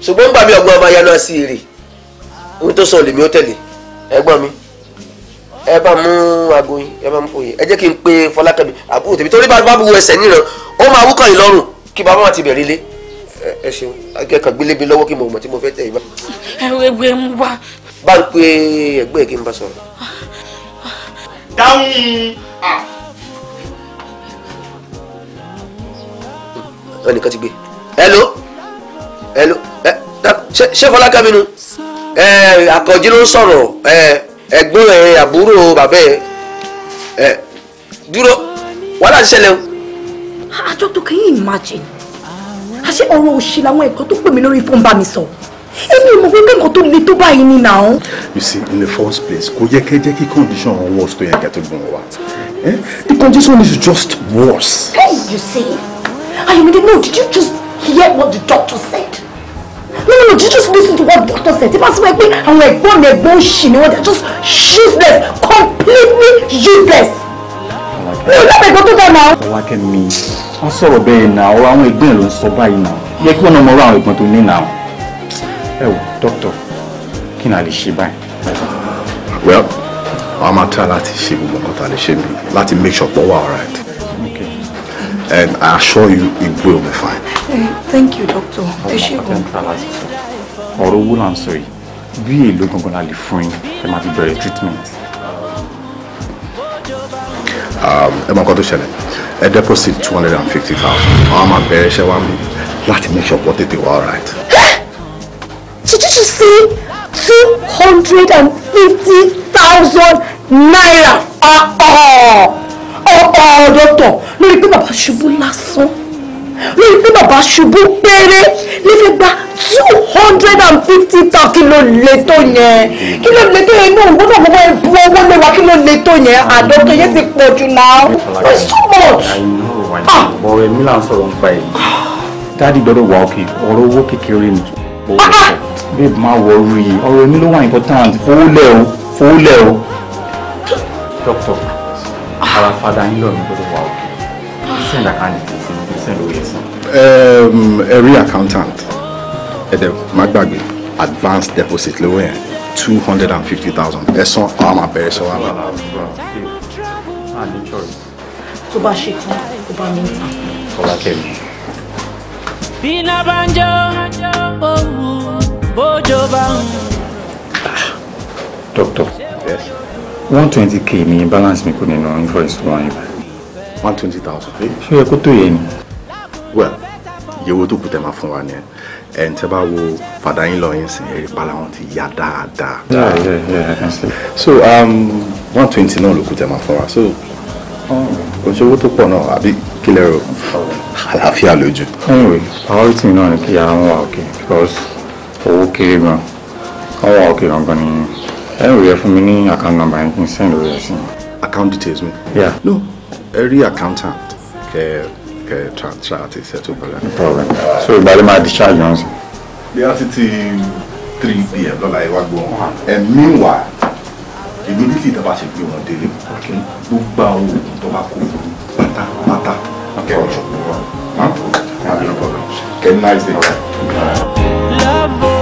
ṣùgbọ́n gbàmí ọgbọ́n ọmọ ayáná sí i rè ohun tó sọ lèmi ó tẹ̀lé ẹgbọ́n mi. ẹ bá mú aago yín ẹ bá mú fòye ẹ jẹ́ kí n pe fọlákẹ́mi àbúrò tèmi torí bá bu ẹsẹ̀ níran ó máa wúkọ̀ yìí lọ́rùn kí bàbá wọn ti bẹ̀rẹ̀ ilé ẹ ṣeun akẹ́kọ̀ọ́ gbélé lọ́wọ́ kí mo mọ̀ tí mo fẹ́ tẹ̀ ibà. ẹwé mu wá. bá ń pe ẹgbẹ́ kí n bá sọ̀rọ̀. dáhùn à. ti gbé ṣé nu ló ń sọ̀rọ̀ ẹ̀gbọ́n ẹ̀ àbúrò bàbá ẹ̀ ẹ̀ dúró wàhálà ti ṣẹlẹ̀ o. àjọ tó can you imagine àṣé ọ̀rọ̀ òṣì làwọn ẹ̀kọ́ tó pè mí lórí fóun bá mi sọ èmi ò mọ̀ pé nǹkan tó le tó báyìí ni nà án. you see in the first place kò yẹ kẹ́ jẹ́ kí condition ọ̀hún worse tó yẹ kẹ́ tó gbọ̀n wá eh? the condition is just worse. hey you see ayomide no did you just hear what the doctor said no no you just listen to what the doctor said tí bá sọ pé àwọn ẹ̀gbọ́n mi ẹ̀gbọ́n òṣì ni wọ́n just useless completely useless. mi ò lọ́pọ̀ ẹ̀gbọ́n tó dá náà. ọlákẹ́ mi wọ́n sọ̀rọ̀ bẹ́ẹ̀ náà ọ̀rọ̀ àwọn ẹ̀gbọ́n ẹ̀ ló ń sọ báyìí náà yẹ kí wọ́n náà mọ ọ̀rọ̀ àwọn ẹ̀gbọ́n tó ní náà. ẹ wò dókítà kí ni a lè ṣe báyìí. well wàá máa try láti ṣe gbogbo nǹkan tá a lè ṣe mi láti make sure pọ̀ wà alright and I assure you it will be fine. Hey, thank you, doctor. Ẹ ṣé gan. Ọ̀rọ̀ owó là ń sọ yìí, bí èlò gangan la lè fún yín, ẹ máa fi bẹ̀rẹ̀ treatment. Um, ẹ máa kọ́ tó deposit two hundred and fifty thousand, àwọn máa bẹ̀rẹ̀ iṣẹ́ wa mi láti make sure pọ́ tètè wá alright. Did you just say two hundred and fifty thousand naira? Ah, ah ọ̀pọ̀ ọ̀dọ̀tọ̀ lórí pé bàbá ṣubú lásán lórí pé bàbá ṣubú péré nífẹ̀ẹ́ gba two hundred and fifty ta kí ló le tó yẹn kí ló le tó yẹn inú òwúrọ̀ gbogbo ẹ̀ bu owó lé wa kí ló le tó yẹn àdọ́tọ̀ yẹn ti pọ̀ jù náà it's so much. ọ̀rọ̀ èmi là ń sọ̀rọ̀ nípa ẹ̀ dáàdi gbọ́dọ̀ wà òkè ọ̀rọ̀ owó kékeré ni ah, ah. babe má worry ọ̀rọ̀ èmi ló wà important fowó lẹ̀ o fowó lẹ̀ o. doctor ara fada yín lọ́rùn gbọ́dọ̀ wà òkè send account send owó yẹn sàn. ẹ̀rí accountant ẹ̀dẹ̀ má gbàgbé advance deposit lówó yẹn two hundred and fifty thousand ẹ̀sán àwọn máa bẹ̀rẹ̀ sọ wà lára. tó bá ṣe tán tó bá mi ta. tọ́lá kẹ́mi. bí iná bá bójó bá ń. Ah, dókítà. yes one twenty k ni balance mi kù nínú invoice wa yẹn. one twenty thousand. ṣé o yẹ kó tó yẹ ni. well iye owó tó kù tẹ́ máa fún wa nìyẹn ẹn tẹ́ bá wo fàdá yín lọ yín sìn ẹ̀rí pàlà wọn ti yá dáadáa. yeah yeah yeah I can so um, one twenty náà ló kù tẹ́ máa fún wa so kò ṣe owó tó pọ̀ náà àbí kí lè rò àlàáfíà lójú. anyway priority náà ni kí àwọn wà òkè because owó kéré gan-an àwọn wà òkè gan-an ni ẹ ò yẹ fún mi account number yẹn kí send lórí ẹ account details Me? yeah. no every accountant kẹ kẹ transfer to settle balance. no problem so ìgbàlẹ̀ máa discharge yẹn sí. bí a ti three pm lọ́la like what gbọ́ on. and meanwhile immediately tá a bá ṣe gbé wọn délé gbogbo àwọn oògùn tó bá kó wọn pátápátá kẹrin ṣọ̀pọ̀ wọn. no problem. Get nice day. Love. Oh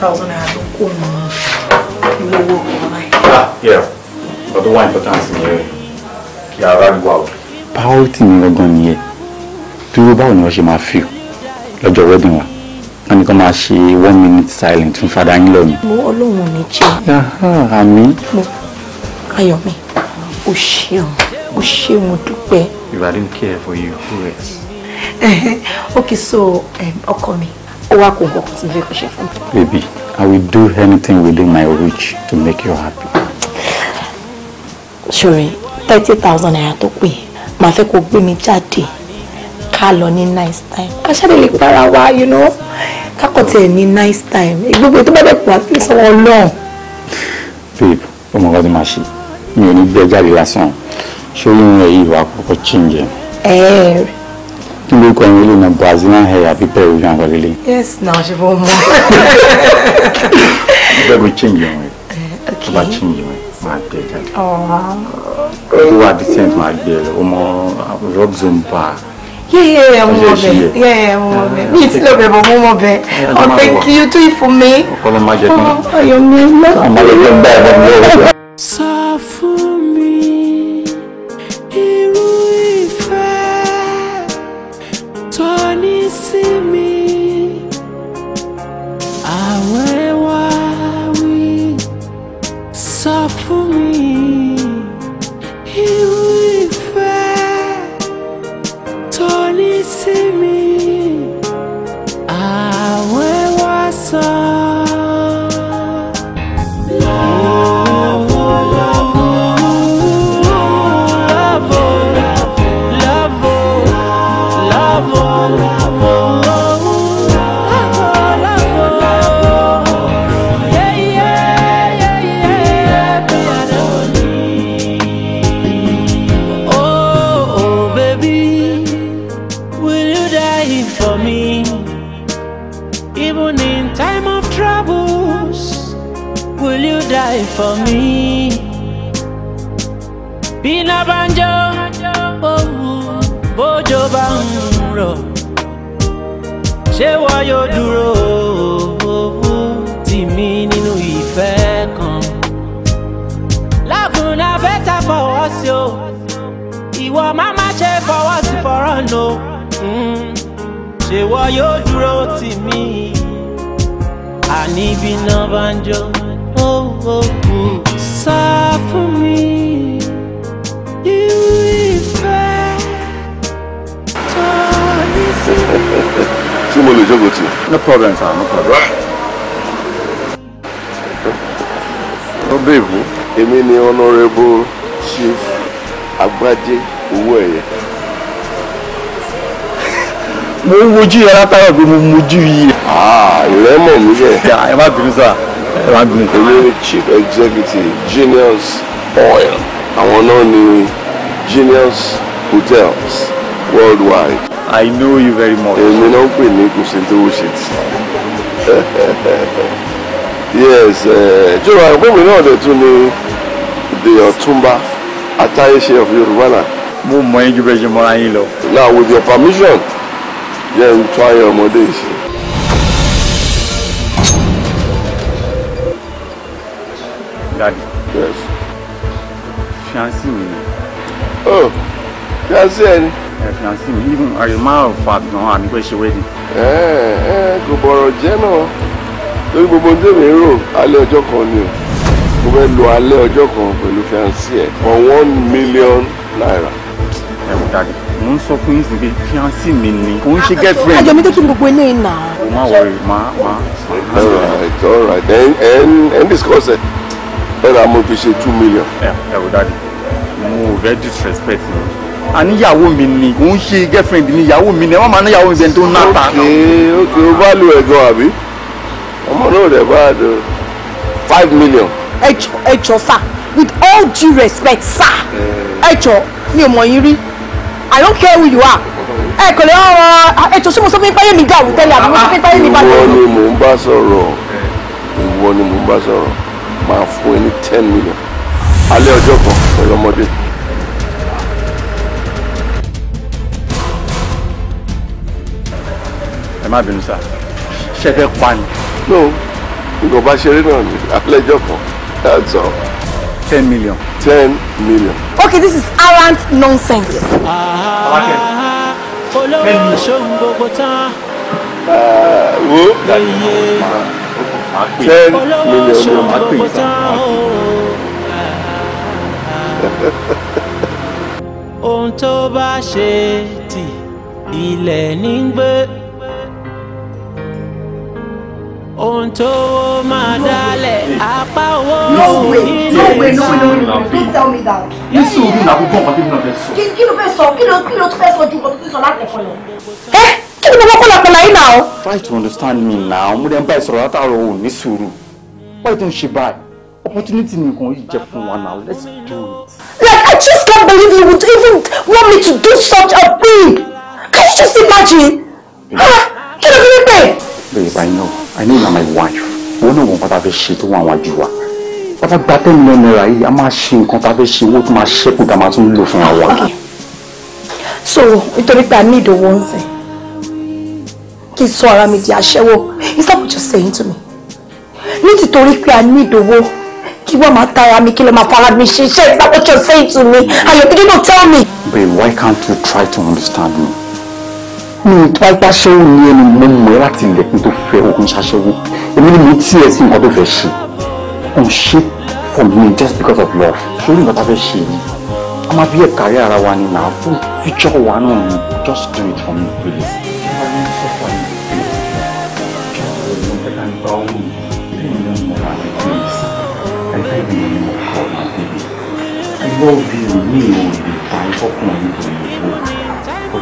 thousand naira ló kó mọ ilé owó ọkọ báyìí. but the one important ni ẹ kí ara rí wa o. priority mi gangan To dúró báwo ni wọ́n ṣe máa fi lọ́jọ́ wedding wa wọ́n ní kó máa ṣe one minute silent fún fada yín lọ́yìn. mo ọlọ́run ò ní jẹ́. àmì. Ayọ̀mí, o ṣeun, If I didn't care for you, who else? okay, so ọkọ mi, ó wá Baby, I will do anything within my reach to make you happy. Ṣòrí, thirty thousand naira to pay. màá fẹ́ kó gbé mi jáde ká lọ ní nice time. Aṣáde lè para wa, you know, Kakote ni nice time. Gbogbo tó bá dẹ̀ pọ̀ àti ìsọ̀wọ́ náà. Babe, ọmọ ọgá ti mi ò ní gbé jáde lásán ṣóyún rẹ̀ yìí wà kọ́kọ́ chíǹjẹ. kí ló kọ́ ilé náà brazilian hair àbí peruvian kọ́ lélẹ̀. yes na ṣe fọ́ mọ́. bẹ́ẹ̀ kò chíǹjẹ wọn eh, tó bá chíǹjẹ wọn máa gbé jáde. ó wà decent máa gbé lọ ọmọ rob zomba yeah, yeah, ọmọ ọbẹ yeah, yeah, ọmọ ọbẹ eh, oh, mi ti lọ bẹ bọ mọ ọbẹ ọbẹ kí o tún ìfún mi ọyọ mi lọ sá fún. yìí látàrọ̀ pé mo mojú yìí. Ah, ìrẹ́ mọ̀ mí bẹ́ẹ̀. ẹ má bínú sá ẹ má bínú. olórí chief executive Genius Oil àwọn náà ni Genius Hotels worldwide. I know you very much. èmi náà ń pè ní kùsìntòwò ṣètì. yes jọ̀wọ́ àìpẹ́ mi náà dẹ̀ tún ni the Otumba, atáyéṣe of Yorùbá náà. mo mọ ẹyin ju bẹ́ẹ̀ ṣe mọ́ra yín lọ. now with your permission jẹ́ ń tún ayé ọmọdé ṣe. Daddy. Yes. Fiancé mi ni. Oh, fiancé ẹ ni. Ẹ fiancé mi, even as a matter of fact gan, àní pé ṣe wedding. Ẹ ẹ kò bọ̀rọ̀ jẹ́ náà. Lórí gbogbo ohun tí èmi ń rò, alẹ́ ọjọ́ kan ni o. Mo fẹ́ lo alẹ́ ọjọ́ kan pẹ̀lú fiancé ẹ for one million naira. Ẹ wò dáadé mo ń sọ fún yín sí pé mi ni kò ń ṣe girlfriend. àjọ mi tó kí gbogbo eléyìí nà. o má wọrí má má. all right all right ẹ ẹ ẹ ń discuss ẹ ẹ ra mo fi ṣe two million. ẹ ẹ wò dáàdi mo ò fẹ́ disrespect mi àníyàwó mi ni kò ń ṣe girlfriend mi ìyàwó mi ni ẹ má máa níyàwó mi bẹ́ẹ̀ tó ń ná ta. ok ok o bá lu ẹ̀gàn àbí ọmọ náà rẹ̀ bá a five million. ẹ jọ ẹ jọ sá with all due respect sá eh. ẹ jọ mi ò mọ̀ yín rí. I don't care who you are ẹ kò lè ọ̀rọ̀ ètò sí mo sọ fún yín páyé mi dàrú tẹ́lẹ̀ àbí mo sọ fún yín páyé mi bàjẹ́. ìwọ ni mò ń bá sọ̀rọ̀ ìwọ ni mò ń bá sọ̀rọ̀ máa fún ẹ ní ten million alẹ́ ọjọ́ kan pẹ̀lú ọmọdé. ẹ má bínú sá ṣe fẹ́ pa ni. no ìgbọ̀nba ṣeré náà ni alẹ́ ọjọ́ kan that's all. ten million. ten million. Okay, this is arrant nonsense. olówó ṣòun gbogbo tán. wo ten million ni ohun tó bá ṣe tì ilẹ̀ ní ohun tó máa dálẹ̀ apá owó yìí lè sọ. no way no way no way no way don't tell me that. ní sùúrù làwọn gbọ́ ọ̀pá tí mo fẹ́ sọ. kí ló fẹ́ sọ kí ló kí ló fẹ́ sọ ju ọ̀pá tí mo sọ láti ẹ̀kọ́ lọ. ẹ eh, kí ni mo bá kọ́lá kọ́lá yín náà. try to understand me now mo dẹ̀ ń bá ẹ sọ̀rọ̀ látàrọ̀ ò ní sùúrù why don't she buy opportunity nìkan yìí jẹ́ fún wa now let's do it. like I just can't believe you would even want me to do such a thing can you just imagine. kí ló fi ń pè. babe I know. I know you are my wife wọn náà wọn kọ́ ta fẹ́ ṣe tó wọn àwájú wa bàbá gba ten million naira yìí a máa ṣe nǹkan tá a fẹ́ ṣe owó tó máa ṣẹ́kù dá máa tún lò fún àwa. so nítorí pé i need owó ń sìn kí n sọ ara mi di aṣẹ́wó is that what you saying to me ní tìtorí pé i need owó kí wọ́n máa tara mi kí lè máa fara mi ṣiṣẹ́ is that what you saying to me and you didn't tell me. babe why can't you try to understand me mi tó wáyé aṣẹ́wó ni ẹni mo mọ̀ ẹ́ láti ilẹ̀ kí n tó fẹ́ òkun ṣaṣẹ́wó èmi ni mo tí ẹ sí nǹkan tó fẹ́ ṣe n ṣe for me just because of love ṣé nǹkan tá a fẹ́ ṣe yìí a máa bí ẹ̀ kárí ara wa ni náà fún future wa náà ni just do it for me please. I love you, me, and for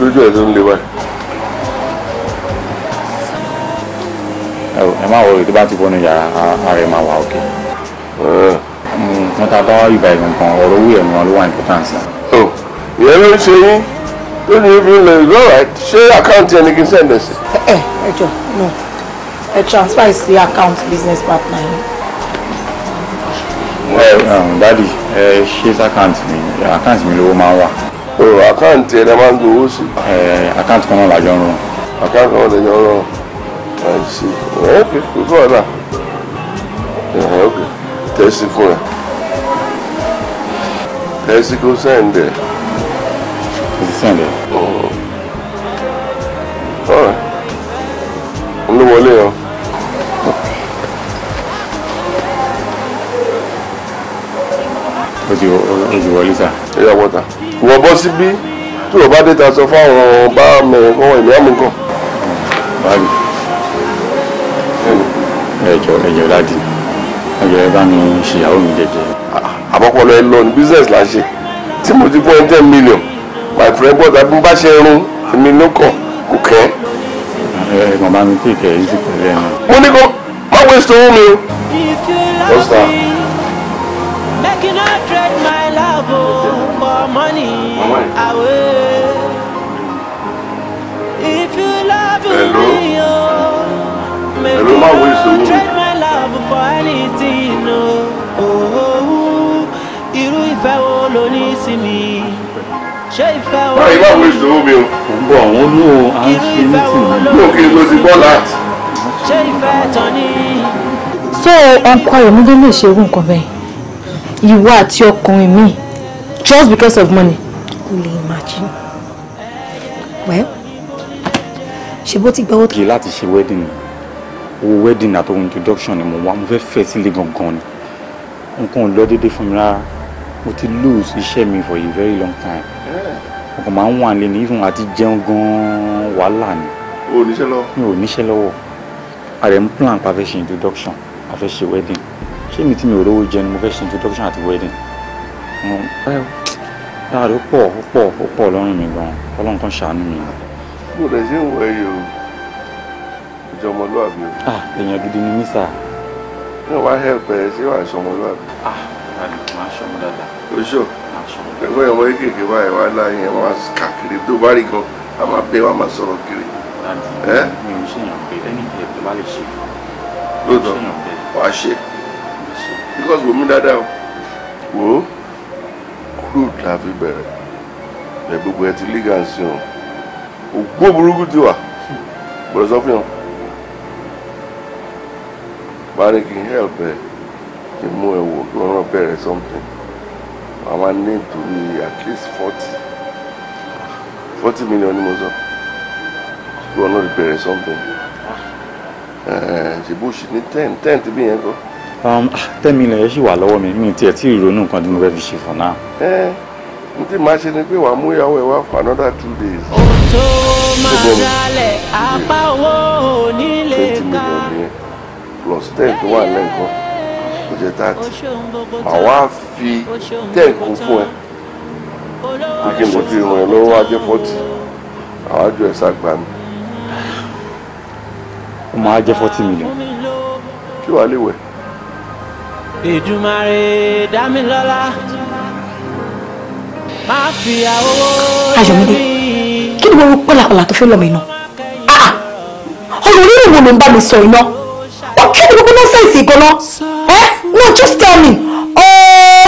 lójú ẹ̀ ló ń lé wáyé. ẹ má wọlé tó bá ti bọ́nu yàrá ara ẹ máa wà òkè. wọ́n ta bá wá ìgbà ìgbọ̀ngàn ọ̀rọ̀ owó ẹ̀ wọn ló wà importance. ìyẹn ló ń ṣe yín ló ní ibi ilẹ̀ lọ́wọ́ ṣé àkáǹtì ẹni kì í sẹ̀ lẹ́sẹ̀. ẹ ẹ jọ no ẹ transfer sí account business partner yín. well um, daddy ẹ ṣe account mi account mi lówó máa wà o àkáǹtì ẹ̀ máa ń gbowó sí. àkáǹtì kan náà làjọ ń rán. àkáǹtì kan náà làjọ ń rán àìsí ok kò tó ọ̀la ok tẹ̀sí fún ẹ tẹ̀sí kò sẹ́ǹdẹ̀. kò sí sẹ́ǹdẹ̀. ọ̀rẹ́ ń ló wọlé o. ojú ojú wọlé sá. ẹ yà wọ́ta ìwọ bọ́ síbí tí o bá dé ta sọ fáwọn bá mẹrin kan ìlú àmúkan. báyìí ẹjọ ẹjọ láti ẹjọ ẹ bá mi ṣèyàwó mi jẹ́jẹ́. àbọ̀pọ̀lọ ẹ lọ ní business la ṣe tí mo ti fún ẹ ten million my friend gbọ́dọ̀ bí mo bá ṣe rún èmi ló kàn kò kẹ́. ẹ màmá mi kéèké yìí sì pẹ̀lú ẹ̀ náà. mo ní kó má waste owó mi o. ọ̀sán money away. If you love Hello. me, oh, maybe Hello, you trade my love for anything. Oh, oh, irú ìfẹ́ wo ló ní sí mi? ṣé ìfẹ́ wo ló ní sí mi? báyìí máa wo ìṣòro mi o. kò ń bọ̀ ní ṣé ìfẹ́ tán ni? ṣé ọkọ ayọ̀mídé lè ṣerú nǹkan bẹ́ẹ̀ ìwọ àti ọkùnrin míì just because of money. only imagine. well she bought it gbọ́wọ́ tó. kì í láti ṣe wedding owó wedding àtọwọ́ introduction ni mo wá mo fẹ́ fẹ́ sílé gangan ni nǹkan ò lọ déédéé fún mi rárá mo ti lose iṣẹ́ mi for a very long time ọkàn máa one wà lé ní ìfún àti jẹun gan Oh, wàhálà ni. o ò níṣẹ́ plan pa fẹ́ introduction a fẹ́ wedding She meeting tí mi ò lówó jẹun mo fẹ́ ṣe introduction wedding. Um, well, láàrin ó pọ̀ ó pọ̀ ó pọ̀ lọ́rùn mi gan ọlọ́run kan ṣàánú mi. mo lè ṣe ń wọ ẹyẹ o ìjọ ọmọlúwàbí ah èèyàn gidi ni mí sà. ní wàá hẹ́ẹ̀pẹ̀ ṣé wàá ṣe ọmọlúwàbí. ah ìyáàlú máa ṣe ọmọ dáadáa. oṣù ẹgbẹ́ ọmọ kékeré báyìí wàá láyé ẹ̀ wàá kàkiri tó bá rí gan a máa bẹ wàá máa sọ̀rọ̀ kiri. mi ò ṣèyàn pé ẹni ìyẹn tó bá lè ṣe. lóòótọ́ because wò mí dáadáa o crude la fi bẹ̀rẹ̀ ẹ̀ gbogbo ẹ ti legal sí wọn ògbó burúkú ti wà gbọ́dọ̀ sọ fún yàn parí kí n help ẹ kí n mú ẹ wò kí wọ́n bẹ̀rẹ̀ something àwọn á ní nítorí at least forty forty million ni mo sọ kí wọ́n náà bẹ̀rẹ̀ something ṣèbú ṣì ní ten ten ti bí yẹn kọ́. Um, ah, ten million yẹn ṣì wà lọ́wọ́ mi mi tiẹ̀ tí ìrònú nǹkan tí mo fẹ́ fi ṣe fún náà. ẹ n tí màá ṣe ni pé wàá mú ìyàwó ẹ wá for another two days. tó máa dalẹ̀ apá owó onílé ká. twenty million ni plus ten tó wà lẹ́ǹkan kò jẹ́ thirty àwa fi ten kún fún ẹ kò kí n kò tí ì ràn ẹ lọ́wọ́ ajẹ́ forty àwa jọ ẹ̀ sàgbà ni. ó máa jẹ́ forty million. kí wàá lè wẹ̀. Èdùmàrè dá mi lọ́lá má fi àwòwò Ayọ̀mídé kí ni wọ́n pàlàpàlà tó fẹ́ lọ́mọ iná ah, ọ̀rọ̀ orí ìwò ló ń bá mi sọ iná ó kí ni gbogbo nọ́sẹ̀nsì gan-an ẹ́ no just tell me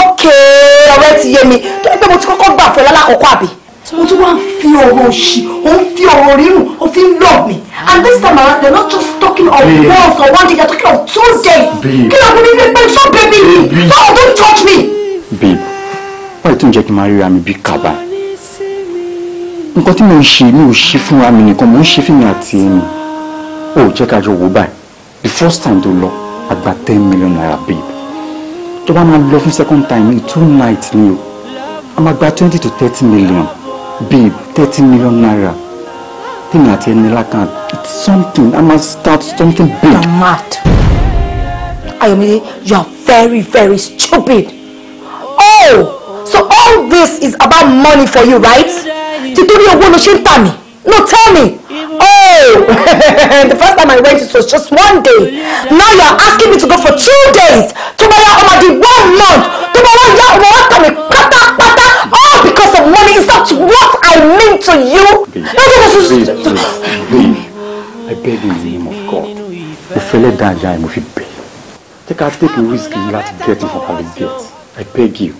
okay ọ̀rẹ́ ti yé mi tó ní pé mo ti kọ́kọ́ gbà fún ẹ lálàkọ́kọ́ àbí o tún wá ń fi ọ̀rọ̀ òṣì o ń fi ọ̀rọ̀ rírùn o fi ń lọ and this time around they're not just talking of babe. once or one day they're talking of two days kí ló burú ní pé so baby mi so don't touch me. babe báyìí tó ń jẹ́ kí n máa ríra mi bí kaba nǹkan tí mo ń ṣe mi ò ṣe fúnra mi nìkan mo ń ṣe fún mi àti ẹni o jẹ́ ká jọ wò báyìí the first time tó lọ àgbà ten million naira babe tó bá máa lọ fún second time ní two nights ni o àmàgbà twenty to thirty million babe thirty million naira tèmi àti ẹni lákàn it's something i must start something big. you are mad Ayomide you are very very stupid oh so all this is about money for you right títorí owó ló ṣe ń tà mí no tell me oh the first time i went it was just one day now you are asking me to go for two days tó bá one month tó bá wá yá ọmọ wa tà mí pátápátá money. It's not what I mean to you. Please, please, please. I beg in the name of God. Mo fẹ́ lẹ́dàá ajá ẹ̀ mo fi bẹ̀. Jẹ́ ká take a risk yìí láti get if I having get. I beg you.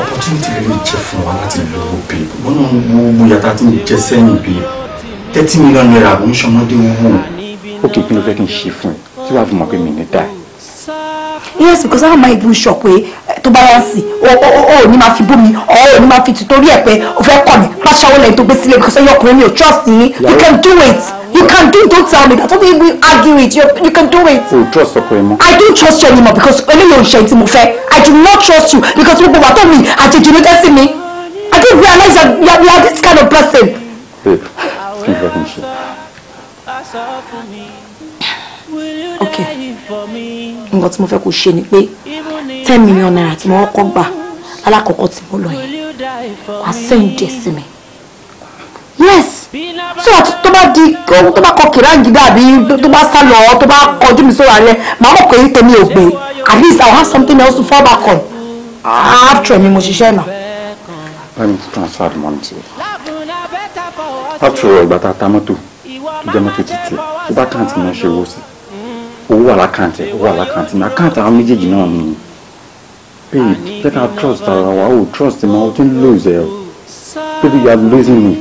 Opportunity rẹ̀ jẹ́ fún wa láti lọ wo babe. Wọ́n náà wo mo yàtá tí mo jẹ sẹ́yìn babe. Thirty million naira ló ń ṣọmọdé owó. Okay, kí ló fẹ́ kí n ṣe fún ẹ? Tí wàá fi Yes, because how am I even sure tó bá yá sí o ò ní máa fi bú mi ọ̀ ò ní máa fi tìtorí ẹ̀ pé o fẹ́ kọ̀ mí má ṣàwọ́ tó gbé sílé because ẹ̀yin ọkùnrin mi ò trust yín you can do it you can do it don't tell me that's why we argue it you, you can do it. o trust ọkùnrin mọ. I don't trust you anymore because eléyìí ò ń ṣe tí mo fẹ́ I do not trust you because gbogbo wà tó mi àjèjì ló dé sí mi I don't realize that you are, you are this kind of person. babe kí n fẹ́ okay nǹkan tí mo fẹ́ kó ṣe ni pé ten million naira tí mo kọ́kọ́ gbà alákọ̀ọ́kọ́ tí mo lọ yẹn wàá sẹ́ǹdì ẹ̀ sí mi yes so àti tó bá di tó bá kọ kìráǹgídà àbí tó bá sá lọ tó bá kọjú mi sóra rẹ màá mọ̀ pé tèmi ò gbé at least i will have something else to fall back on after mi mo ṣiṣẹ́ náà. let me transfer the money to you. after all ìgbà tá a ta mọ́tò tó jẹ́ mọ́tò títì tó bá kàǹtì náà ṣe wọ́ sí owó wà lákàǹtì owó wà lákàǹtì ní àkàǹtì àwọn méjèèjì náà nìyí. Babe, let her trust her. I will trust him. I will lose Baby, you are losing me.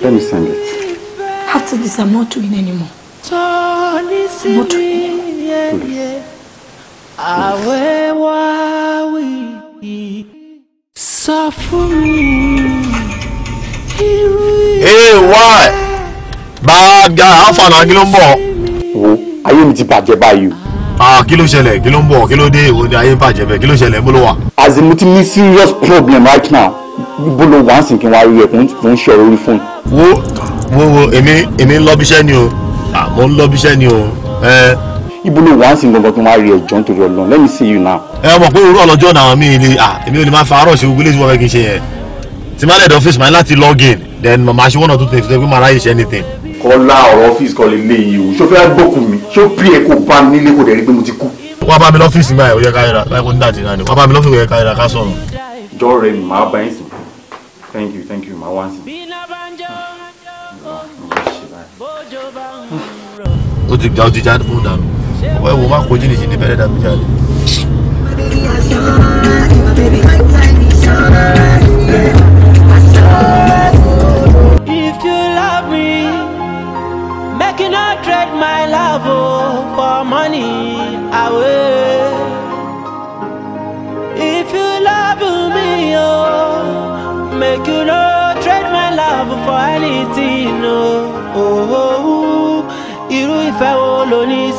Let me send it. After this, I'm not doing anymore. I'm not doing anymore. Please. Please. Hey, what? Bad guy, how far na kí ló ń bọ̀? Wo, ayé mi ti bàjẹ́ báyìí ah kí ló ṣẹlẹ̀ kí ló ń bọ̀ kí ló dé ìwọ ni ayé ń bàjẹ́ bẹ́ẹ̀ kí ló ṣẹlẹ̀ bó ló wà. as in mo ti ní serious problem right now bó ló wà á sì kí n wá rí ẹ kò ń ṣe ọ̀rọ̀ orí fóònù. wo wo wo èmi èmi ń lọ́bíṣẹ́ ni o ah, mo ń lọ́bíṣẹ́ ni o ibo ló wá sí gbọ̀ngàn tó máa rí ẹ̀jọ́ nítorí ọlọ́run let me see you now. ẹ mọ̀ pé òwúrọ̀ ọlọ́jọ́ náà mi ni ah, èmi ò ní máa fa àárọ̀ ṣe gbogbo ilé ìwọ̀n kì í ṣe yẹn tí má lẹ̀ dọ́ fèsì máa láti log in then màmá ṣe one or two things pé màá ráyè ṣe anything. kọ́lá ọ̀rọ̀ ọ́fíìsì kan lè lé yìí o ṣó fẹ́ gbókùn mi ṣó pí ẹ kó bá mi nílé kó dẹ̀ rí pé mo ti kú. wá bá mi lọ́fíìsì máa ò yẹ ká yẹra láìpẹ́ ní dàdí náà ni wá bá mi lọ́fíìsì yẹ ká yẹra ká sọ̀rọ̀. jọ rẹ màá bá yín sìn thank you thank you màá wá sí. ó ti gba ó ti jáde fún dànù ọ̀pọ̀ ẹ̀wọ̀n má kojú nìyí ní bẹ́rẹ̀ dàbí jáde. Yeah.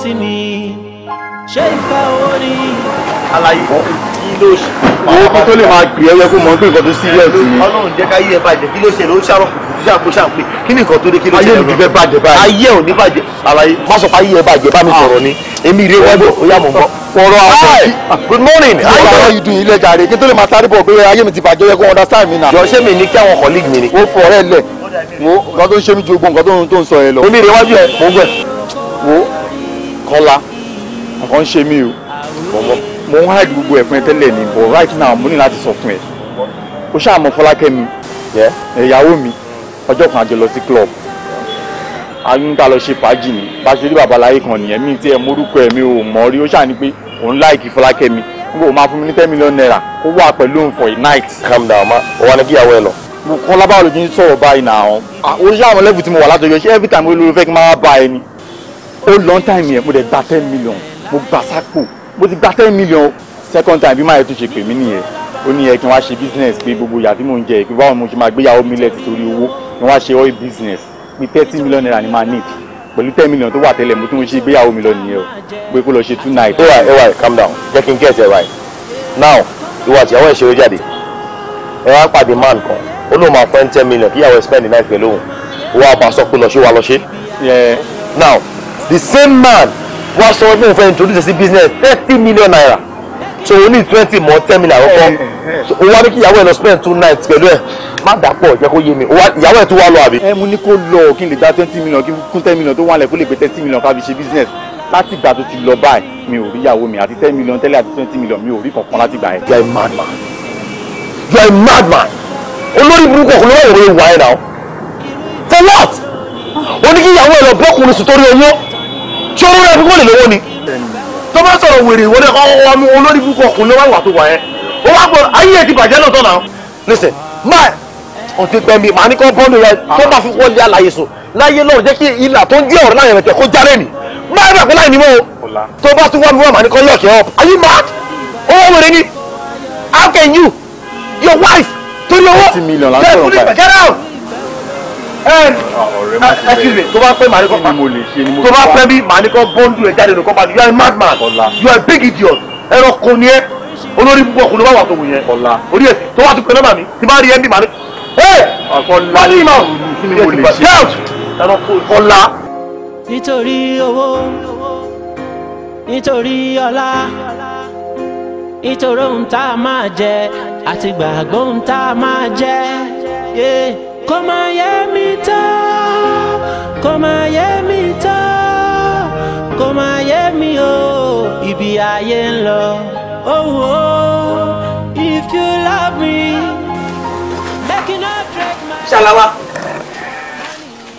sí mi ṣé ìfẹ́ ò kí ló ṣe. owó kan tó lè máa pè é kó mọ pé nǹkan tó serious ni. ọlọ́run jẹ́ ká yí ẹ bàjẹ́ kí ló ṣe ló ń ṣàròkùn kò ṣàpè ṣàpè kí ni nǹkan tó dé kí ló ṣe ayé mi ti fẹ́ báyìí. ayé ò ní bàjẹ́ má sọ pé ayé ẹ bàjẹ́ bá mi sọ̀rọ̀ ni èmi rè wọ́dọ̀ ó yà mọ̀ mọ́. ọ̀rọ̀ àtọ̀tí. good morning. ayé ọ̀rọ̀ yìí dùn ilé jàre kí tó lè máa sáré bọ̀ pé ayé mi ti bàjẹ́ yẹ kó understand mi nà. jọ mi ní kí àwọn colleague mi ni. mo fọ ọ̀rẹ́ lẹ wo nǹkan tó ń ṣe mí ju gbogbo tó ń sọ yẹn lọ. omi rè wájú ẹ mo gbẹ wo Kọ́lá nǹkan ṣe mí o mo ń hide gbogbo ẹ̀pin tẹ́lẹ̀ ni but right now mo ní láti sọ fún ẹ o ṣáà mọ Fọlákẹ́mi ìyàwó mi ọjọ́ kan àjọ lọ sí club ayún tá a lọ ṣe fàájì ni bá ṣe rí babaláyé kan nìyẹn mi tí ẹ morúkọ ẹ mi ò mọ̀ rí ó ṣáà ní pé òun láìkí Fọlákẹ́mi gbogbo máa fún mi ní ten million naira kó wà pẹ̀lú òun for a night. calm down ma wà ní kíyàwó ẹ lọ. mo kọ́ lábàá olùdíyìn sọ̀rọ̀ báyìí náà oríṣi àwọn lẹ́bù tí mo wà látọjọ́ ṣé every time olórí fẹ́ kí n máa bá ẹni ó long time yẹn mo dẹ̀ gba ten million mo gbà sápò mo ti gba ten million second time bí máa yẹ tó ṣe pè mí nìyẹn ó ní yẹ kí n wá ṣe business pé gbogbo yàtí mò ń jẹ pé báwo mo ṣe máa gbéyàwó mi lẹ́sìn torí owó kí n wá ṣe oil business pé thirty million naira ni máa need pẹ̀lú ten million tó wà tẹ́lẹ̀ mo tún ṣe gbéyàwó mi lọ nìyẹn o pé kó lọ ṣe two night. ẹwà ẹwà calm down jẹ́ kí n get ẹ̀ right now ìwà àti àwọn ìṣòro jáde ẹ wá pàdé man kan ó lóun máa fẹ́ ten million kíyàwó ẹ̀ spend the night pẹ̀lú òun wọ́n á bá sọ pé lọ ṣé wàá lọ ṣe. now the same man wá sọ pé òun fẹ́ introduce sí business thirty million naira so o ní twenty mọ ten million àkọ́kọ́ eh, eh, eh. o wá ní kí ìyàwó ẹ lọ spend two nights pẹ̀lú ẹ má dàpọ̀ jẹ́ kó yé mi ìyàwó ẹ tún wá lọ àbí. ẹ mo ní kó lọ kí n lè gba twenty million kí n kún ten million tó wà lẹ kó lè gbé thirty million ká fi ṣe business láti ìgbà tó ti lọ báyìí mi ò rí ìyàwó mi àti ten million tẹ́lẹ̀ àti twenty million mi ò rí kankan láti gbà yẹn. you are a mad man you are a mad man olórí burúkú ọkùnrin wà wọlé wà ẹ náà for what? oníkíyàwó ẹ lọ bọ́kùnrin sùn torí oyún ṣé olórí ẹbí kò lè lówó ni tó bá sọ̀rọ̀ wèrè ìwọ ní ọkọ̀ olórí búkú ọkùnrin wá wà tó wà ẹ́ ó wá gbọ́dọ̀ ayé ẹ̀ ti bàjẹ́ lọ́tọ̀ náà listen máa ọ̀tí pẹ̀mí màá ní kọ́ bọ́ọ̀lù rẹ tó bá fi wọ́n àlàyé so láyé lọ́rùn jẹ́ kí ilà tó ń jẹ́ ọ̀rọ̀ láyé rẹ tẹ̀ kó jálè nì máa bẹ̀ pé láì ní mọ́ o tó bá tún wá mi wá màá ní kọ́ lọ́ọ̀kì ọ̀ ayé máa owó wèrè ni how can you your wife tó lówó tẹ̀ fún mi get out excuse me tó bá pẹ́ màá ní kọ́ tó bá pẹ́ bí màá ní kọ́ bọ́ńdù rẹ̀ jáde nìkan pàdé you are a mad man you are a big idiot ẹranko ni ẹ olórí púpọ̀ kò ló bá wà tó wù yẹn orí ẹ̀ tó wà tó pẹ́ nọ́mbà mi tí bá rí ẹ́ bí màá ní. wọ́n ní ìmọ̀ kọ́lá. nítorí owó nítorí ọlá nítorí ohun tá a máa jẹ àti gbàgbọ́ ohun tá a máa jẹ kó máa yé mi tán kó máa yé mi tán kó máa yé mi o ibi ayé ń lọ owó oh, oh, if you love me make you no break my. ṣàlàwà.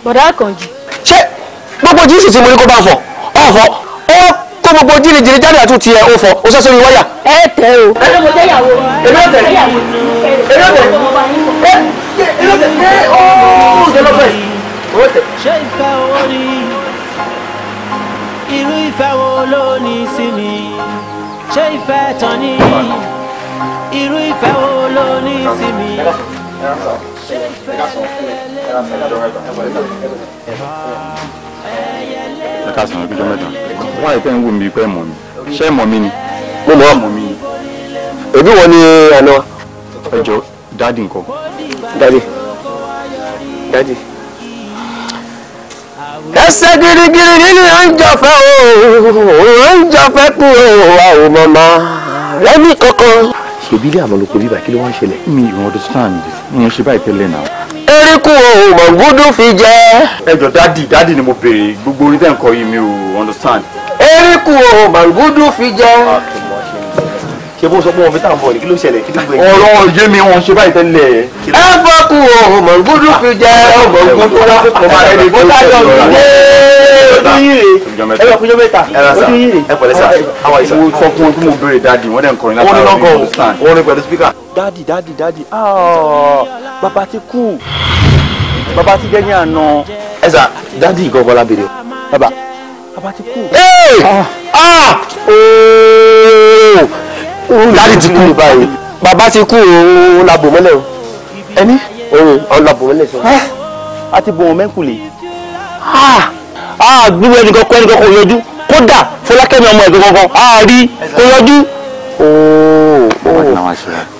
bọ̀dá àkànjì. ṣé gbogbo jíìsì tí mo ní kó bá fọ ọ̀fọ̀ ó kó gbogbo jìnnìjìnnì jáde àtúntì ẹ̀ ó fọ ó sẹ́ sórí wáyà. ẹ tẹ o. ẹ ló mo jẹ́ ìyàwó. èmi ò tẹ̀lé èmi ò tẹ̀lé ṣé ìfẹ́ wo ni irú ìfẹ́ wo ló ní sí mi ṣé ìfẹ́ tán ni irú ìfẹ́ wo ló ní sí mi ṣé ìfẹ́ ẹ ká sàn ọdún mẹ́ta wọn àìpẹ́ ń wò mí pé mọ̀ mi ṣé mọ̀ mi ni mo mọ̀ mọ̀ mi ni. èbí wọn ni àná. ẹ jọ dáàdì nǹkan. Daddy, daddy. kẹsẹ̀ girigiri nínú oúnjọfẹ́ o oúnjọfẹ́ kú o àwọn mọ̀mọ́ rẹ ní kankan. ṣèbí ilé àmọ́ ló bíbá kí ló wá ń ṣẹlẹ̀. mi you understand mi ò ṣe báyìí tẹ́lẹ̀ náà. erékù o mọ̀gúdù fi jẹ. ẹ jọ dádì dádì ni mo béèrè gbogbo orí tẹ̀ ń kọ yìí mi ò understand. erékù o mọ̀gúdù fi jẹ. Ah, ṣe bó sọ pé wọn fi tàn bọ̀ kí ló ṣẹlẹ̀ kí ló gbé. ọ̀rọ̀ òye mi wọn ṣe báyìí tẹ́lẹ̀. ẹ fọ́ kù ọmọ gbúdú fi jẹ ọmọ gbúdú wá ọmọ rẹ nìkan tó ṣe ọ̀rọ̀ rẹ. ojú yìí rè ẹ bẹ kújọ mẹ́ta ojú yìí rè. ẹ pẹ̀lẹ́ sà àwọn ìsà. mo sọ fún wọn tí mo béèrè dáàdi wọn dẹ̀ ń kọrin láti àwọn ọmọ ìsàn. orin pẹ̀lú spíkà. dáàdi dáàdi dáàdi bàbá ti kú bàbá ti jẹ́ ní àná. ẹ sà dáàdi ìkọ̀ bọ́lá dáàdì ti kú báyìí bàbá ti kú òun la bò mọ́lẹ̀ o. ẹni. òun òun la bò mọ́lẹ̀ sọ. a ti bò wọn mẹ́kùlé. a ah! ah, gbúgbó ẹnì kankan ẹnì kankan kò yọjú kódà fọlákẹ́mi ọmọ ẹ̀gbẹ́ kankan a rí kò yọjú.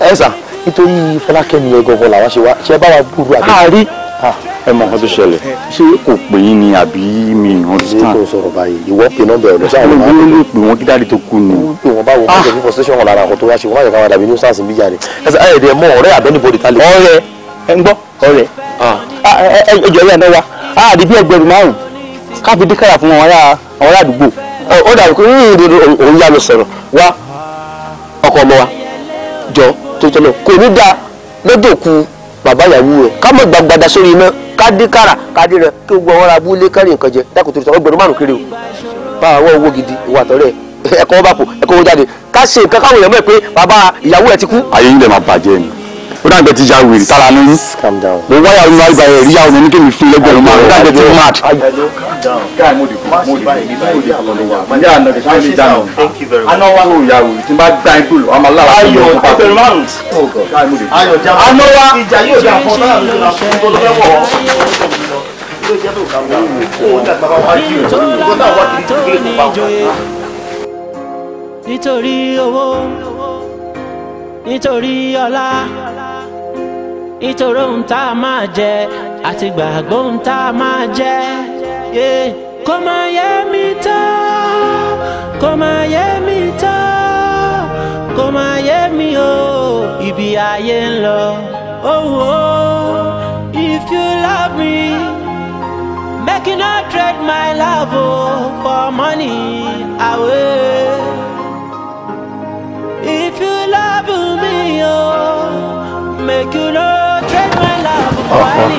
ẹ sà nítorí fọlákẹ́mi ẹ̀gbọ́n kan làwọn ṣe wá ṣe bá wa búrú àbí. a rí Ah, ẹ mọ nǹkan tó ṣẹlẹ̀ ṣé kò pè yín ni àbí mi ìran tán. ìyẹn kò sọ̀rọ̀ báyìí ìwọ pè náà bẹ̀rẹ̀ lọ́sàn-án. olùkọ́ ló lè pè wọ́n kí dáre tó kú ni. wọ́n pè wọ́n báwo kó jẹ́ fífọ́ station ọ̀la ara kan tó wá ṣe wọ́n láyọ̀ káwọn dàbí ní sars bíjà ni. ẹ ẹ ẹ̀dẹ̀ mọ ọ̀rẹ́ àdánibodè kalẹ̀. ọ̀rẹ́ ẹ ń gbọ́ ọ̀rẹ́ ah. Ah, ẹ jọ ẹ̀yà náà wa àdì bí ẹgbẹ̀rún márùn-ún káfí díkàyà fún àwọn ará àdúgbò ó dàbí pé òun yá mi sọ̀rọ̀ wá ọkọ̀ ọmọ wa jọ tó tọ́lọ̀ kò ní dáa lọ́dọ̀ kú bàbá ìyàwó rẹ ká mọ gbàgbàdà sórí iná ká dín kára ká dín rẹ kí gbogbo ọ̀rọ̀ abúlé kẹrin nǹkan jẹ dákun tó ọgbẹ̀rún márùn kéré o báwa wọ owó gidi ìwà àtọ̀rẹ́ ẹ̀kọ́ wọn ẹ̀kọ́ wọn jáde ká ṣe nǹkan káwọn èèyàn mọ̀ pé bàbá ìyàwó ẹ ti kú. ayé yín lè máa bàjẹ́ ni ó dàgbẹ́ ti ya wèrè tara ní yín wáyà mi wáyà ìbàyẹ̀ rí àwọn oní kèmí fún lẹ́gbẹ̀rún máa ó dàgbẹ́ ti mad. nítorí owó nítorí ọlá ìtòrò ń tá a máa jẹ àti gbàgbọ́ ń tá a máa jẹ kó má yé mi tán kó má yé mi tán kó má yé mi o ibi ayé ń lọ owó oh, oh. if you love me make you no trade my love o oh, for money away if you love me o oh, make you no ọ̀pọ̀lọ̀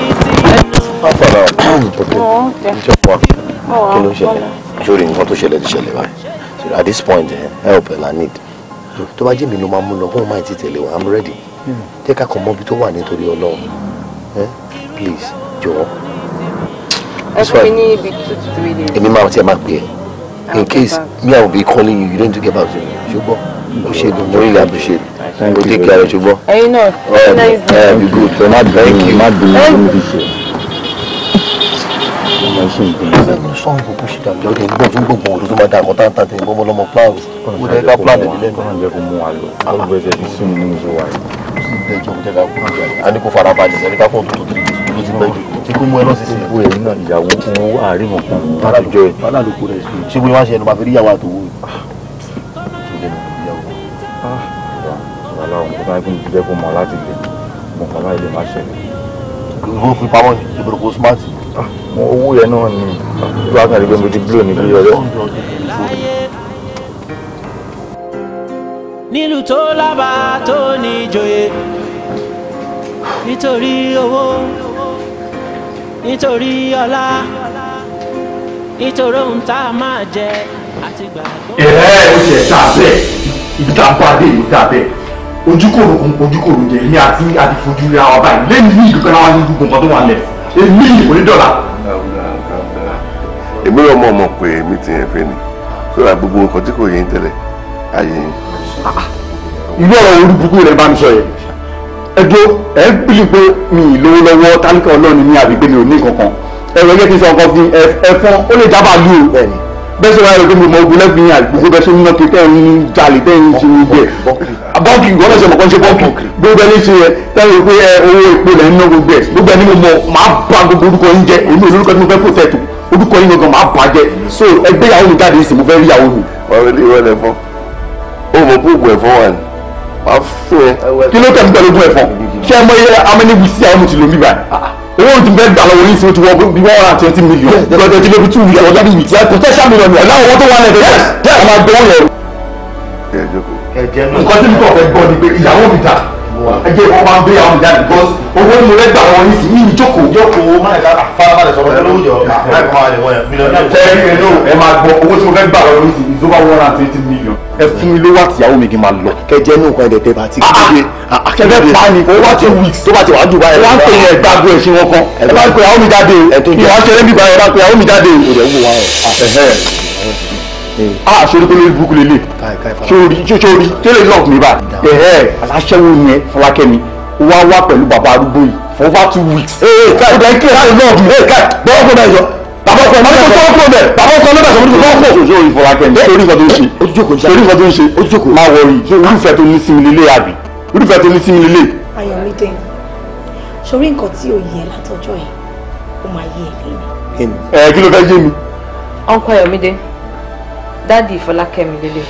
ìjọba kí ló ń ṣẹlẹ̀ sórí nǹkan tó ṣẹlẹ̀ ti ṣẹlẹ̀ báyìí at this point help ẹ̀ la need tó bá jẹ́ mi ló máa mú lọ bóun máa ti tẹ̀lé wa i'm ready jẹ́ ká kàn mọ́ ibi tó wà nítorí ọlọ́run please jọ̀wọ́. ẹ fún mi ní ibi two to three days. èmi máa ti ẹ máa pè é in case me i will be calling you you don't do get back to me ṣùgbọ́n o ṣe gbogbo really appreciate o take care ṣùgbọ́n. ẹyin náà ẹ ẹ be good so má bínú má bínú lórí iṣẹ́. ọmọ iṣẹ́ ìgbìyànjú. bẹ́ẹ̀ fẹ́ẹ́ fi sún ti mú àárín mọ̀kàn alájọ ẹ̀. wọ́n ṣe ẹnu máa fi rí ìyàwó àtòwò tó ń pín jẹ́ kó mọ̀ láti lè mọ̀ kàn láì lè má ṣẹlẹ̀. owó fi pamọ́ ní ìbẹ̀rù kó smart. Ah, mo owó yẹn náà ni bí wàá kàn rí pé mo ti blow ní bíi ọ̀rẹ́. nílùú tó lábàá tó ní ohun tá a máa jẹ àti gbàgbọ́. ẹ̀ẹ́ ó ṣe dáa ibi tá a bá dé ìlú dáa ojúkòrò ń ojúkòrò jẹ èmi àti àdìfojú ra wa báyìí lẹ́yìn ní ìlú kan láwọn gbogbo nǹkan tó wà lẹ̀ èmi kò ní dọ̀la. èmi ọmọ ọmọ pé èmi ti yẹn fẹ́ ni sọ́ra gbogbo nǹkan tí kò yẹ tẹ́lẹ̀ ayé yẹn. ìlú ọ̀rọ̀ orí rẹ̀ bá mi sọ yẹn ẹjọ́ ẹ bìlì pé mi ìlówó lọ́wọ́ táníkà ọlọ́ọ̀ni ní àbígbé mi ò ní kankan ẹ̀rọ ẹgbẹ́ kí sọ nǹkan fún ẹ fún ó lè jábàá lù ú bẹ́sẹ̀ wáyé lóko mọ̀ ogun lẹ́fìn yà gbogbo bẹ́ẹ̀ ṣe ń ná kékeré ń jalè tẹ́ ń ṣe ní bẹ́ẹ̀ bọ́ọ̀kì gbọ́dọ̀ ṣe mọ̀kàn ṣe bọ́ọ̀kì gbogbo bẹ́ẹ̀ ní ṣe yẹ táwọn èpè ẹ owó èpè lẹ́ ń gbogbo ẹ̀ gbogbo ẹ̀ mo mọ̀ máa ba gbogbo orúkọ yín jẹ́ èmi olórúkọ tí mo fẹ́ protect orúkọ yín gangan máa bà jẹ́ so ẹgbẹ́ yàwó mi jáde ìsìn mo fẹ́ rí yàwó mi. ọ̀rẹ́ ni ìwọlẹ̀ ẹ̀fọ́ owó tí bẹ́ẹ̀ gbà lọ́wọ́ oníṣòwò ti wọ bí wọ́n ra twenty million lọ́jọ́ tí lóbi two million lọ́jọ́ bíi ìtìlẹ́ potential million yẹn láwọn owó tó wà lẹ́dẹ̀ẹ́ yẹn yẹn a máa gbowó yẹn. nǹkan tí mi kọ̀ fẹ́ gbọ́ ni pé ìyàwó mi dà ẹjẹ wọn máa ń bẹ àwọn ìyá mi bọ́ owó ni mo fẹ́ gbà lọ́wọ́ oníṣì yìí jókòó. jókòó máa ń fara balẹ̀ sọ̀rọ̀ ẹ lóòjọ́ ẹ ló bá one hundred and twenty million. ẹ fún mi ló wà tìyàwó mi kì í máa lọ. kẹjẹ inú nǹkan ẹ̀dẹ̀tẹ̀ bá ti ah, ah, ah, kí ló dé. kẹfẹ́ pa ni o wá two weeks. tó bá ti wá jù báyìí. ẹ bá ń pè yẹn gbàgbé ẹ̀ sí wọn kan. ẹ bá ń pè àwọn mi jáde o. ìwà ṣẹlẹ̀ bíbá ẹ bá ń pè àwọn mi jáde o. o rẹ̀ wù wá o. a sori kolo burúkú lele sori sori tẹ́lẹ̀ lọk mi ba ẹhẹ aláṣẹwò yẹn fọlákẹmi wá wá pẹ̀lú bàbá arúgbó yìí for over two weeks. ee eh, káyọ̀ bẹ́ẹ̀ kí ẹ̀ káyọ̀ lọ́ọ̀dù ee káyọ̀ bọ́ọ̀ fún mi eh, yọ ọkọ ní ọkọ ọkọ bẹ bàbá ọkọ lọbẹ sọmọdé kò kọ. ṣoṣo ìfọwọ́ akẹ́ni torí nǹkan tó ń ṣe torí nǹkan tó ń ṣe máa wọrí irúfẹ́ tó ní sinmi lélẹ̀ àbí irúfẹ́ tó ní sinmi lélẹ̀. Ayọ̀mídé sórí nǹkan tí ò yẹ látọjọ́ yìí ó máa yé ẹ lẹ́yìn. ẹ kí ló fẹ́ yé mi. ọkọ Ayọ̀mídé dáàdi ìfọlákẹ́mi lélẹ̀.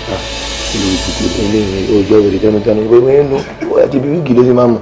ilé ìjọba ìdẹ́nu tẹnu gbogbo ẹnu máa mọ̀.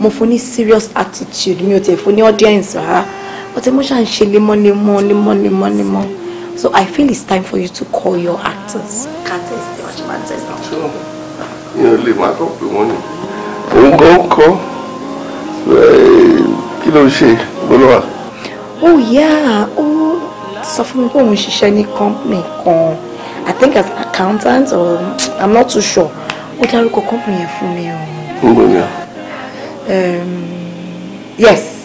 mo fún ní serious attitude mi ò tẹ̀ fún ní audience rárá but mo ṣàn ṣe lemọ́ lemọ́ lemọ́ lemọ́ lemọ́ so I feel it's time for you to call your actors. cartels dey watch man test mi ò lè máa kọ́ pé wọ́n ní òun kọ́ ń kọ́ kí ló ń ṣe gbọ́dọ̀ oh yeah ó sọ fún mi pé òun ṣiṣẹ́ ní company kan i think as accountant or i'm not too sure ó dárúkọ company yẹn fún mi o um, yes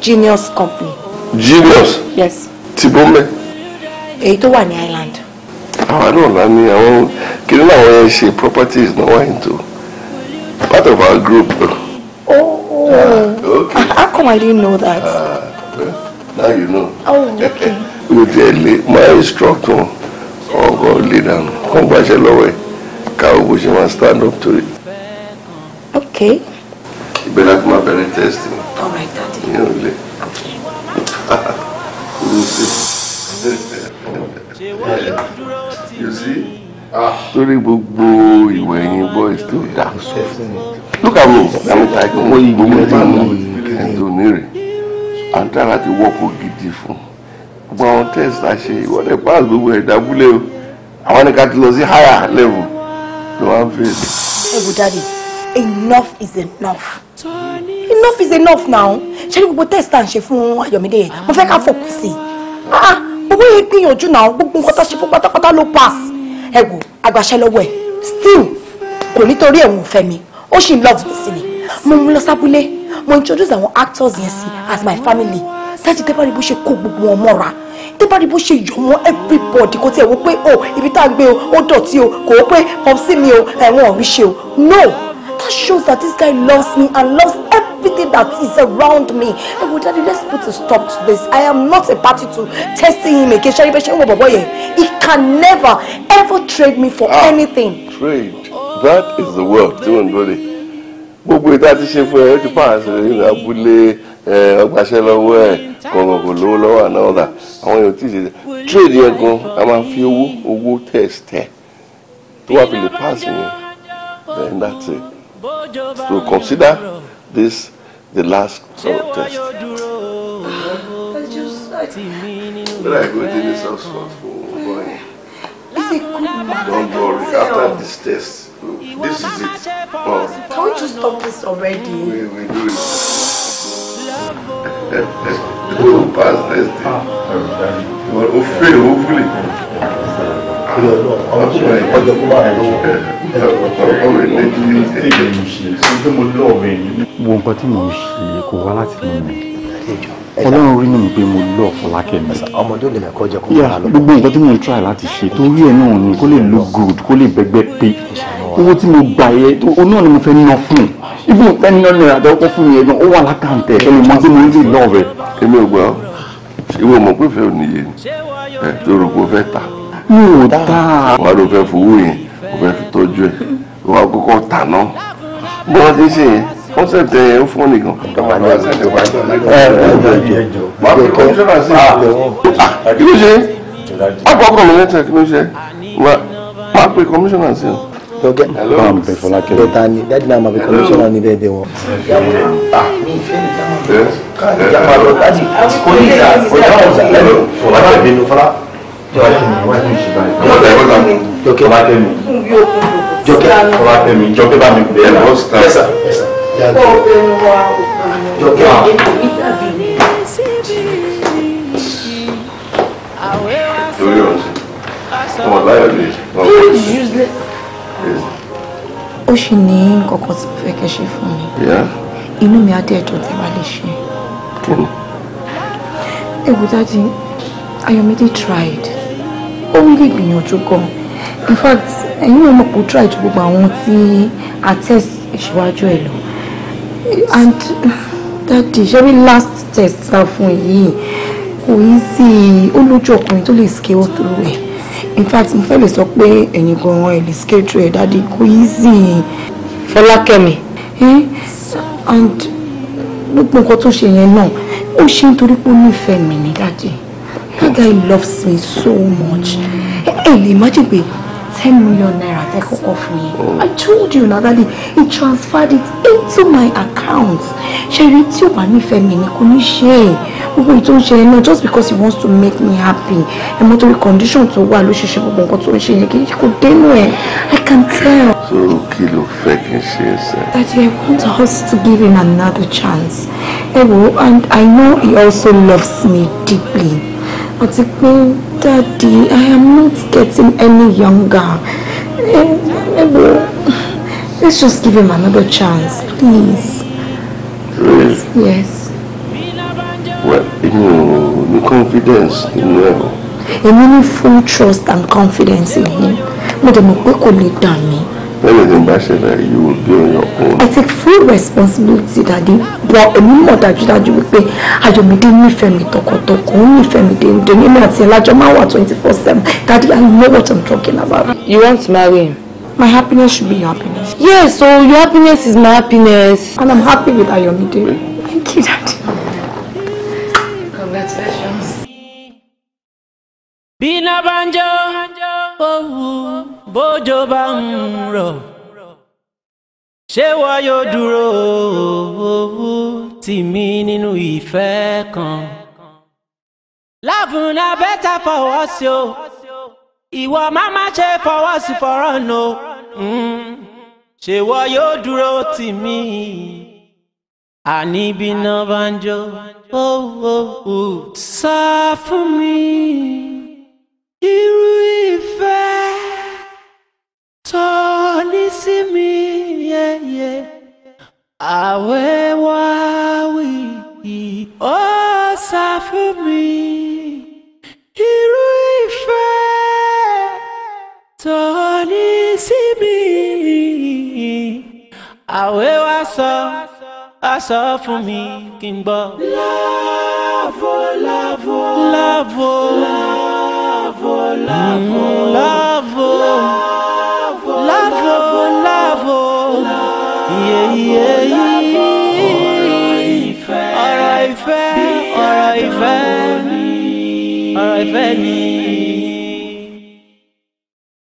Genius company. Genius. yes. ti bọ́mẹ́. èyí tó wà ní island. àwọn àdúrà ní àwọn kí ni àwọn yẹn ṣe properties náà wà into part of our group. oh ah, okay. how come I didn't know that. Uh, now you know. oh okay. o tiẹ̀ lé my instructor ọkọ̀ lè dànù kọ́ gbàṣẹ lọ́wọ́ ẹ̀ káwọ́ bó ṣe máa stand up to it. okay. You better come up and Daddy. You see? Ah! see? Lórí gbogbo ìwẹ̀ yín boys tó dà. Look at me, I'm tàìkì wọ́n yí gbogbo tí mo ní tó ní rè. À ń dára ti wọ́pọ̀ gidi fún. Gbogbo àwọn test la ṣe ìwọ́de pass gbogbo ẹ̀dá abúlé o. Àwọn ni ká ti lọ sí higher level No wá ń fèsì. Ẹ enough is enough enough is enough now ṣé ní gbogbo test à ń ṣe fún Ayọ̀mídé yẹn mo fẹ́ ká fòpin sí i ah, ah, owó yẹn gbìyànjú náà gbogbo nǹkan tó ṣe fún pátápátá ló pass ẹ wò àgbàṣẹ lọ́wọ́ ẹ̀ still kò nítorí ẹ̀wọ̀n ò fẹ́ mi ó sì ń love mi sí ni mo mú lọ sábúlé mo introduce àwọn actors yẹn sí as my family tẹ́tí tẹ́ bá rí bó ṣe kó gbogbo wọn mọ́ra tẹ́ bá rí bó ṣe yọ̀ wọ́n everybody kò tiẹ̀ wò pé o oh, ibi tá a gbé o ó dọ̀tí o kò wò pé pọ́psí mi o ẹ̀wọ̀n ò rí ṣe o no That shows that this guy loves me and loves everything that is around me. Hey, wo daddy, let's put a stop to this. I am not a party to testing him again. Ṣé ibẹ̀ ṣe ń wọ bọ̀bọ̀ He can never ever trade me for ah, anything. Trade? That is the word tí wọ́n ń lórí. Gbogbo ìta ti ṣe fún ẹ, ó ti pàṣẹ ìrìn eh, abúlé eh, ọgbàṣẹ lọ́wọ́ ẹ̀ kọ̀ọ̀kan kò lówó lọ́wọ́ àná ọ̀dà. Àwọn èèyàn tí ì ṣe trade yẹn gan, a máa fi owó owó test ẹ̀ tó wà fi lè pass yẹn. Then that's it. To consider this the last sort of test. Where I, what are you going to this house for? Oh Don't worry, after this test, this is it. Oh. Can't you stop this already? We, we do it. Don't pass this thing. You will fail, hopefully torí ọlọ́run ọmọ tó lè kọjọ kó máa lówó ọ̀rọ̀ ilé ní èyí mo ṣe tí mò ń ṣe kò wá láti mú mi ọlọ́run rí nínú pé mo lọ fọlákẹ́ mi. gbogbo nǹkan tí mo ń try láti ṣe torí ẹ̀ náà ni kó lè look good kó lè bẹ́gbẹ́ pé owó tí mo gbà yẹ òun náà ni mo fẹ́ ná fún ibi ìpẹ́ nínú náírà dọ́kọ́ fún mi ẹ̀gbọ́n ó wà látàǹtẹ̀ ẹni mo ti mo ń rí lọ́ọ̀rẹ́. èmi ò gbọ́ ìwọ mọ̀ pé fẹ́ ò níye ẹ̀ tó rò fẹ́ ta mi ò tà. wà á lọ fẹ́ fowó yẹn o fẹ́ fi tọ́jú ẹ̀ wà á kọ́kọ́ tà náà bí wọ́n ti ṣe yẹn wọ́n ṣe tẹ ẹ̀ fún nìkan. ọmọ ní ọ̀sẹ̀ tó wà ní ọ̀sẹ̀ má fi kọ́míṣọ́nà sí i. kí ló ṣe àkọ́kọ́ mi lẹ́tẹ̀ kí ló ṣe má pe kọ́míṣọ́nà sí i. Dọ́gẹ́ máa bẹ fọlá kẹrin. Bẹ́ẹ̀ ta ni dájú náà máa bẹ kọ́míṣọ́nà ní bẹ́ẹ̀ bẹ́ẹ̀ wọn. Ìyàwó ah, mi ìfẹ́ nìkan máa lọ. Káàdì ìjà máa lọ. Káàdì kò ní ìjà kò ní ìjà ọ̀sẹ̀ lẹ́nu. Fọlá bẹ̀ẹ́ bínú fọlá jọkẹ́ bá fẹ́ mi jọkẹ́ bá fẹ́ mi jọkẹ́ bá mi bẹ́ẹ̀ náà yẹ́sà yẹ́sà jọkẹ́ wa. torí ọ̀rọ̀ sí ọmọ láyọ̀ lè wọ́n fẹ́ ó sì ní kọ̀kọ́ tí mo fẹ́ kẹ́ ṣe fún mi inú mi á dé ẹ̀jọ̀ tí wàá lè ṣe. ewu dájú Ayọ̀mídé tried ó really gbìyànjú gan in fact ẹ̀yin ò mọ̀ kó try ju gbogbo àwọn tí a test ìṣíwájú ẹ̀ lọ and dadi ṣe last test ta fún yìí kò yí sí ó lójú ọkùnrin tó lè scale through ẹ̀ in fact mo fẹ́ lè sọ pé ẹ̀yin gan ẹ̀ lè scale through ẹ̀ dadi kò yí sí Fọlákẹ́mi. and gbogbo nǹkan tó ṣe yẹn náà ó ṣe nítorí pé ó nífẹ̀ẹ́ mi ní dadi. That guy loves me so much. And imagine pé ten million naira tẹ́ kọ́kọ́ fún mi. I told you now that he transferred it into my account. Ṣèrí tí ò bá nífẹ̀ẹ́ mi ni share. ní ṣe é. Gbogbo èyí just because he wants to make me happy. I'm mọ̀ torí condition to wà ló ṣe ṣe gbogbo nǹkan tó ń ṣe yẹn I can tell. So kí ló fẹ́ kí n ṣe Daddy, I want us to give him another chance. and I know he also loves me deeply àti pé daddy i am not getting any younger eh, eh, let's just give him another chance please. really yes. well èmi ò ní confidence nínú ẹ̀ o. èmi ní full trust and confidence in him mo dẹ̀ mọ̀ pé kò lè dà mí anything bá ṣẹlẹ̀ you will be on your own. I take full responsibility Daddy. but èmi mọ̀ dájúdájú wípé Ayọ̀mídé nífẹ̀ẹ́ mi tọkàntọkàn ó nífẹ̀ẹ́ mi dénúdé nínú àti ẹ̀lájọ́ máa wà twenty four seven Daddy, I know what I'm talking about. You want to marry him? My happiness should be your happiness. Yes, so your happiness is my happiness. And I'm happy with Ayọ̀mídé. Thank you, Daddy. Congratulations. Bina Banjo bójò bá ń rọ̀ ṣé wọ́n yóò dúró tì mí nínú ìfẹ́ kan. love na better fọwọ́ sí o ìwọ máa má ṣe fọwọ́ sí fọ́rọ̀ nù ṣé wọ́n yóò dúró tì mí àníbíná banjo sá fún mi irú ìfẹ́ sọ́ọ́lì sí mi yẹ̀yẹ̀ àwẹ̀ wá wí ó sá fún mi irú ìfẹ́ sọ́ọ́lì sí mi àwẹ̀ wá sọ á sọ fún mi kí n gbọ́. láàfọ̀ láàfọ̀ láàfọ̀ láàfọ̀ ọ̀rọ̀ ìfẹ́ ọ̀rọ̀ ìfẹ́ ọ̀rọ̀ ìfẹ́ ni.